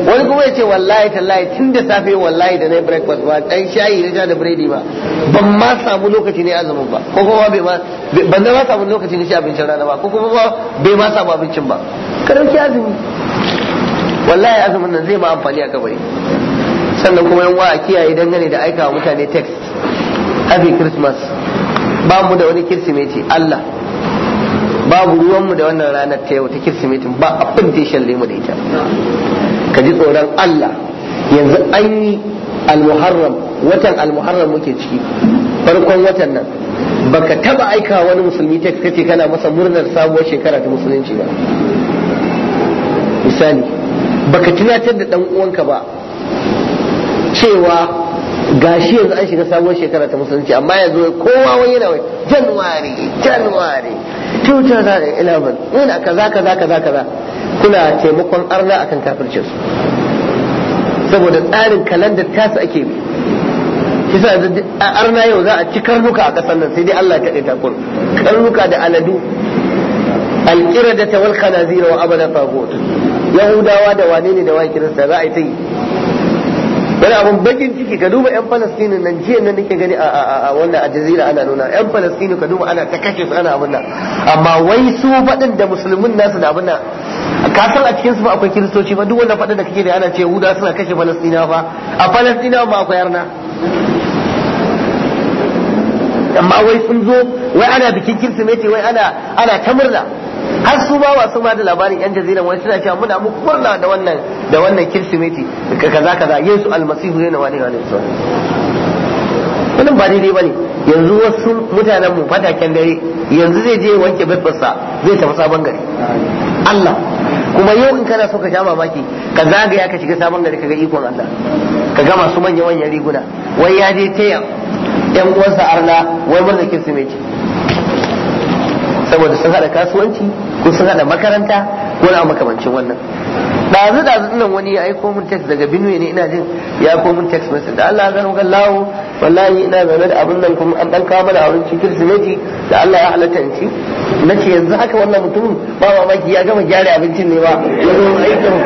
[SPEAKER 1] wani kuma ya ce wallahi tallahi tun da safe wallahi da na breakfast ba dan shayi na ja da biredi ba ban ma samu lokaci ne azumin ba ko kuma bai ma ban ma samu lokaci ne shi abincin rana ba ko kuma bai ma samu abincin ba ka dauki azumi wallahi azumin nan zai ma amfani a kabari sannan kuma yan wa'a kiyaye dangane da aika wa mutane text happy christmas ba mu da wani kirsimeti Allah babu ruwanmu da wannan ranar ta yau ta kirsimetin ba abin da ya shalle mu da ita ka ji tsoron Allah yanzu an yi almuharram watan almuharram muke ciki farkon watan nan baka taba aika wani musulmi ta kace kana masa murnar sabuwar shekara ta musulunci ba misali baka tunatar da dan uwanka ba cewa gashi yanzu an shiga sabuwar shekara ta musulunci amma yanzu kowa wani yana wai januwari januwari 2011 yana kaza kaza kaza kaza kuna taimakon arna akan kafircin su saboda tsarin kalandar tasu ake bi kisa a arna yau za a ci karnuka a kasar nan sai dai Allah ya kaɗe ta karnuka da aladu alƙira da tawal khanazira wa abada fagot yahudawa da wane ne da wani kirista za a yi ta yi bari abun bakin ciki ka duba yan falastini nan jiya nan nake gani a wannan a jazira ana nuna yan falastini ka duba ana ta kashe su ana abun nan amma wai su faɗin da musulmin nasu da abun nan ka san a cikin su ba akwai kiristoci ba duk wannan faɗin da kake da ana ce huda suna kashe falastina ba a falastina ba akwai yarna amma wai sun zo wai ana bikin kirsimeti wai ana ana ta murna har su ba wa da labarin yan jaziran wani suna cewa muna muku murna da wannan da wannan kirsimeti kaza kaza yesu almasihu ne wani wani wannan ba daidai bane yanzu wasu mutanen mu fataken dare yanzu zai je wanke babbarsa zai tafi sabon gari Allah kuma yau in kana so ka sha mamaki ka zagaya ka shiga sabon gari ka ga ikon Allah ka ga masu manya manyan riguna wai ya je taya yan uwansa arna wai murna kirsimeti saboda sun hada kasuwanci ko sun hada makaranta ko na makamancin wannan dazu dazu nan wani ya aiko mun text daga Benue ne ina jin ya aiko mun text message da Allah zan ga lawo wallahi ina game da abin nan kuma an dan kawo mana wurin cikin Kirsimeti da Allah ya halatta in ci nace yanzu haka wannan mutumin ba mamaki ya gama gyara abincin ne
[SPEAKER 2] ba aikin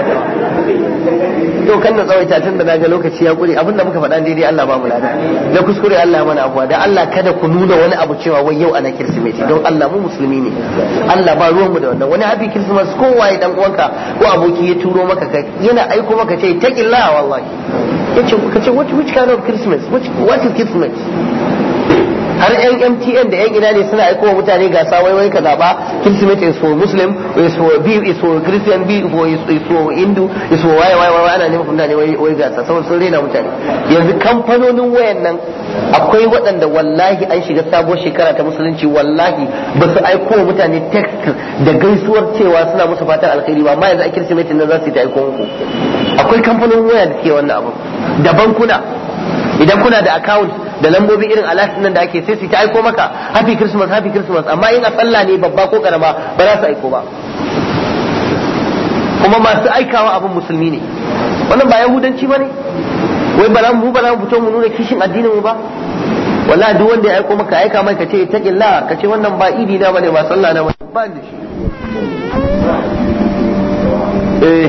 [SPEAKER 1] to kan na tsawaita tun da na ga lokaci ya kure abinda muka faɗa daidai Allah ba mu lada na kuskure Allah mana abuwa da Allah kada ku nuna wani abu cewa wai yau ana kirsimeti don Allah mu musulmi ne Allah ba ruwan mu da wannan wani happy christmas ko ya dan uwanka ko aboki ya turo maka yana aiko maka ce taqillah wallahi yace kace what which kind of christmas what what is christmas har yan MTN da yan ina ne suna aikowa mutane ga sa wai ka zaba Kirsimeti is for Muslim is for B is for Christian B is for Hindu is for waye waye waye ana neman mutane wai wai ga saboda sun rena mutane yanzu kamfanonin wayan nan akwai waɗanda wallahi an shiga sabuwar shekara ta musulunci wallahi ba su aikowa mutane text da gaisuwar cewa suna musu fatan alkhairi ba amma yanzu a Kirsimeti nan za su yi ta aiko muku akwai kamfanonin waya da ke wannan abu da bankuna idan kuna da account da lambobi irin alat nan da ake sai su ta aiko maka happy christmas happy christmas amma in a sallah ne babba ko karama ba za su aiko ba kuma masu aikawa abin musulmi ne wannan ba yahudanci ba ne wai ba mu ba mu fito mu nuna kishin addinin mu ba wallahi duk wanda ya aiko maka aika mai ka ce taqilla ka ce wannan ba idi na bane ba sallah na bane ba ni eh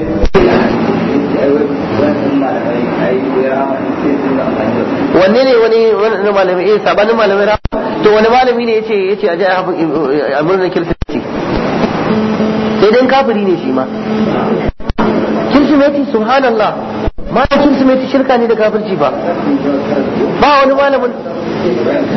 [SPEAKER 1] wanne ne wani wani malami eh sabanin malami ra to wani malami ne yace yace aje a murnar kirsimeti sai dan kafiri ne shi ma kirsimeti subhanallah ma kirsimeti shirka ne da kafirci ba ba wani malamin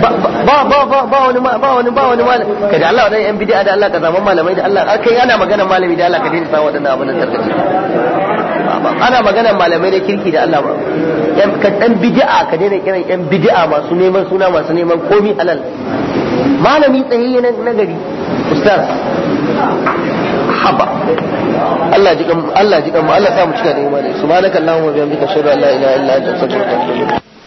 [SPEAKER 1] ba ba ba ba wani ba wani ba wani malami kada Allah wadan yan bid'a da Allah ka zaman malamai da Allah kai ana magana malami da Allah ka daina sa wadannan abun da tarkace ana magana malamai na kirki da Allah ba ka dan bid'a ka daina kiran yan bid'a masu neman suna masu neman komi halal malami tsayayye na nagari ustaz
[SPEAKER 2] haba Allah ji kan Allah ji kan Allah sa mu cika da imani subhanakallahumma wa bihamdika ashhadu la ilaha illa anta astaghfiruka wa atubu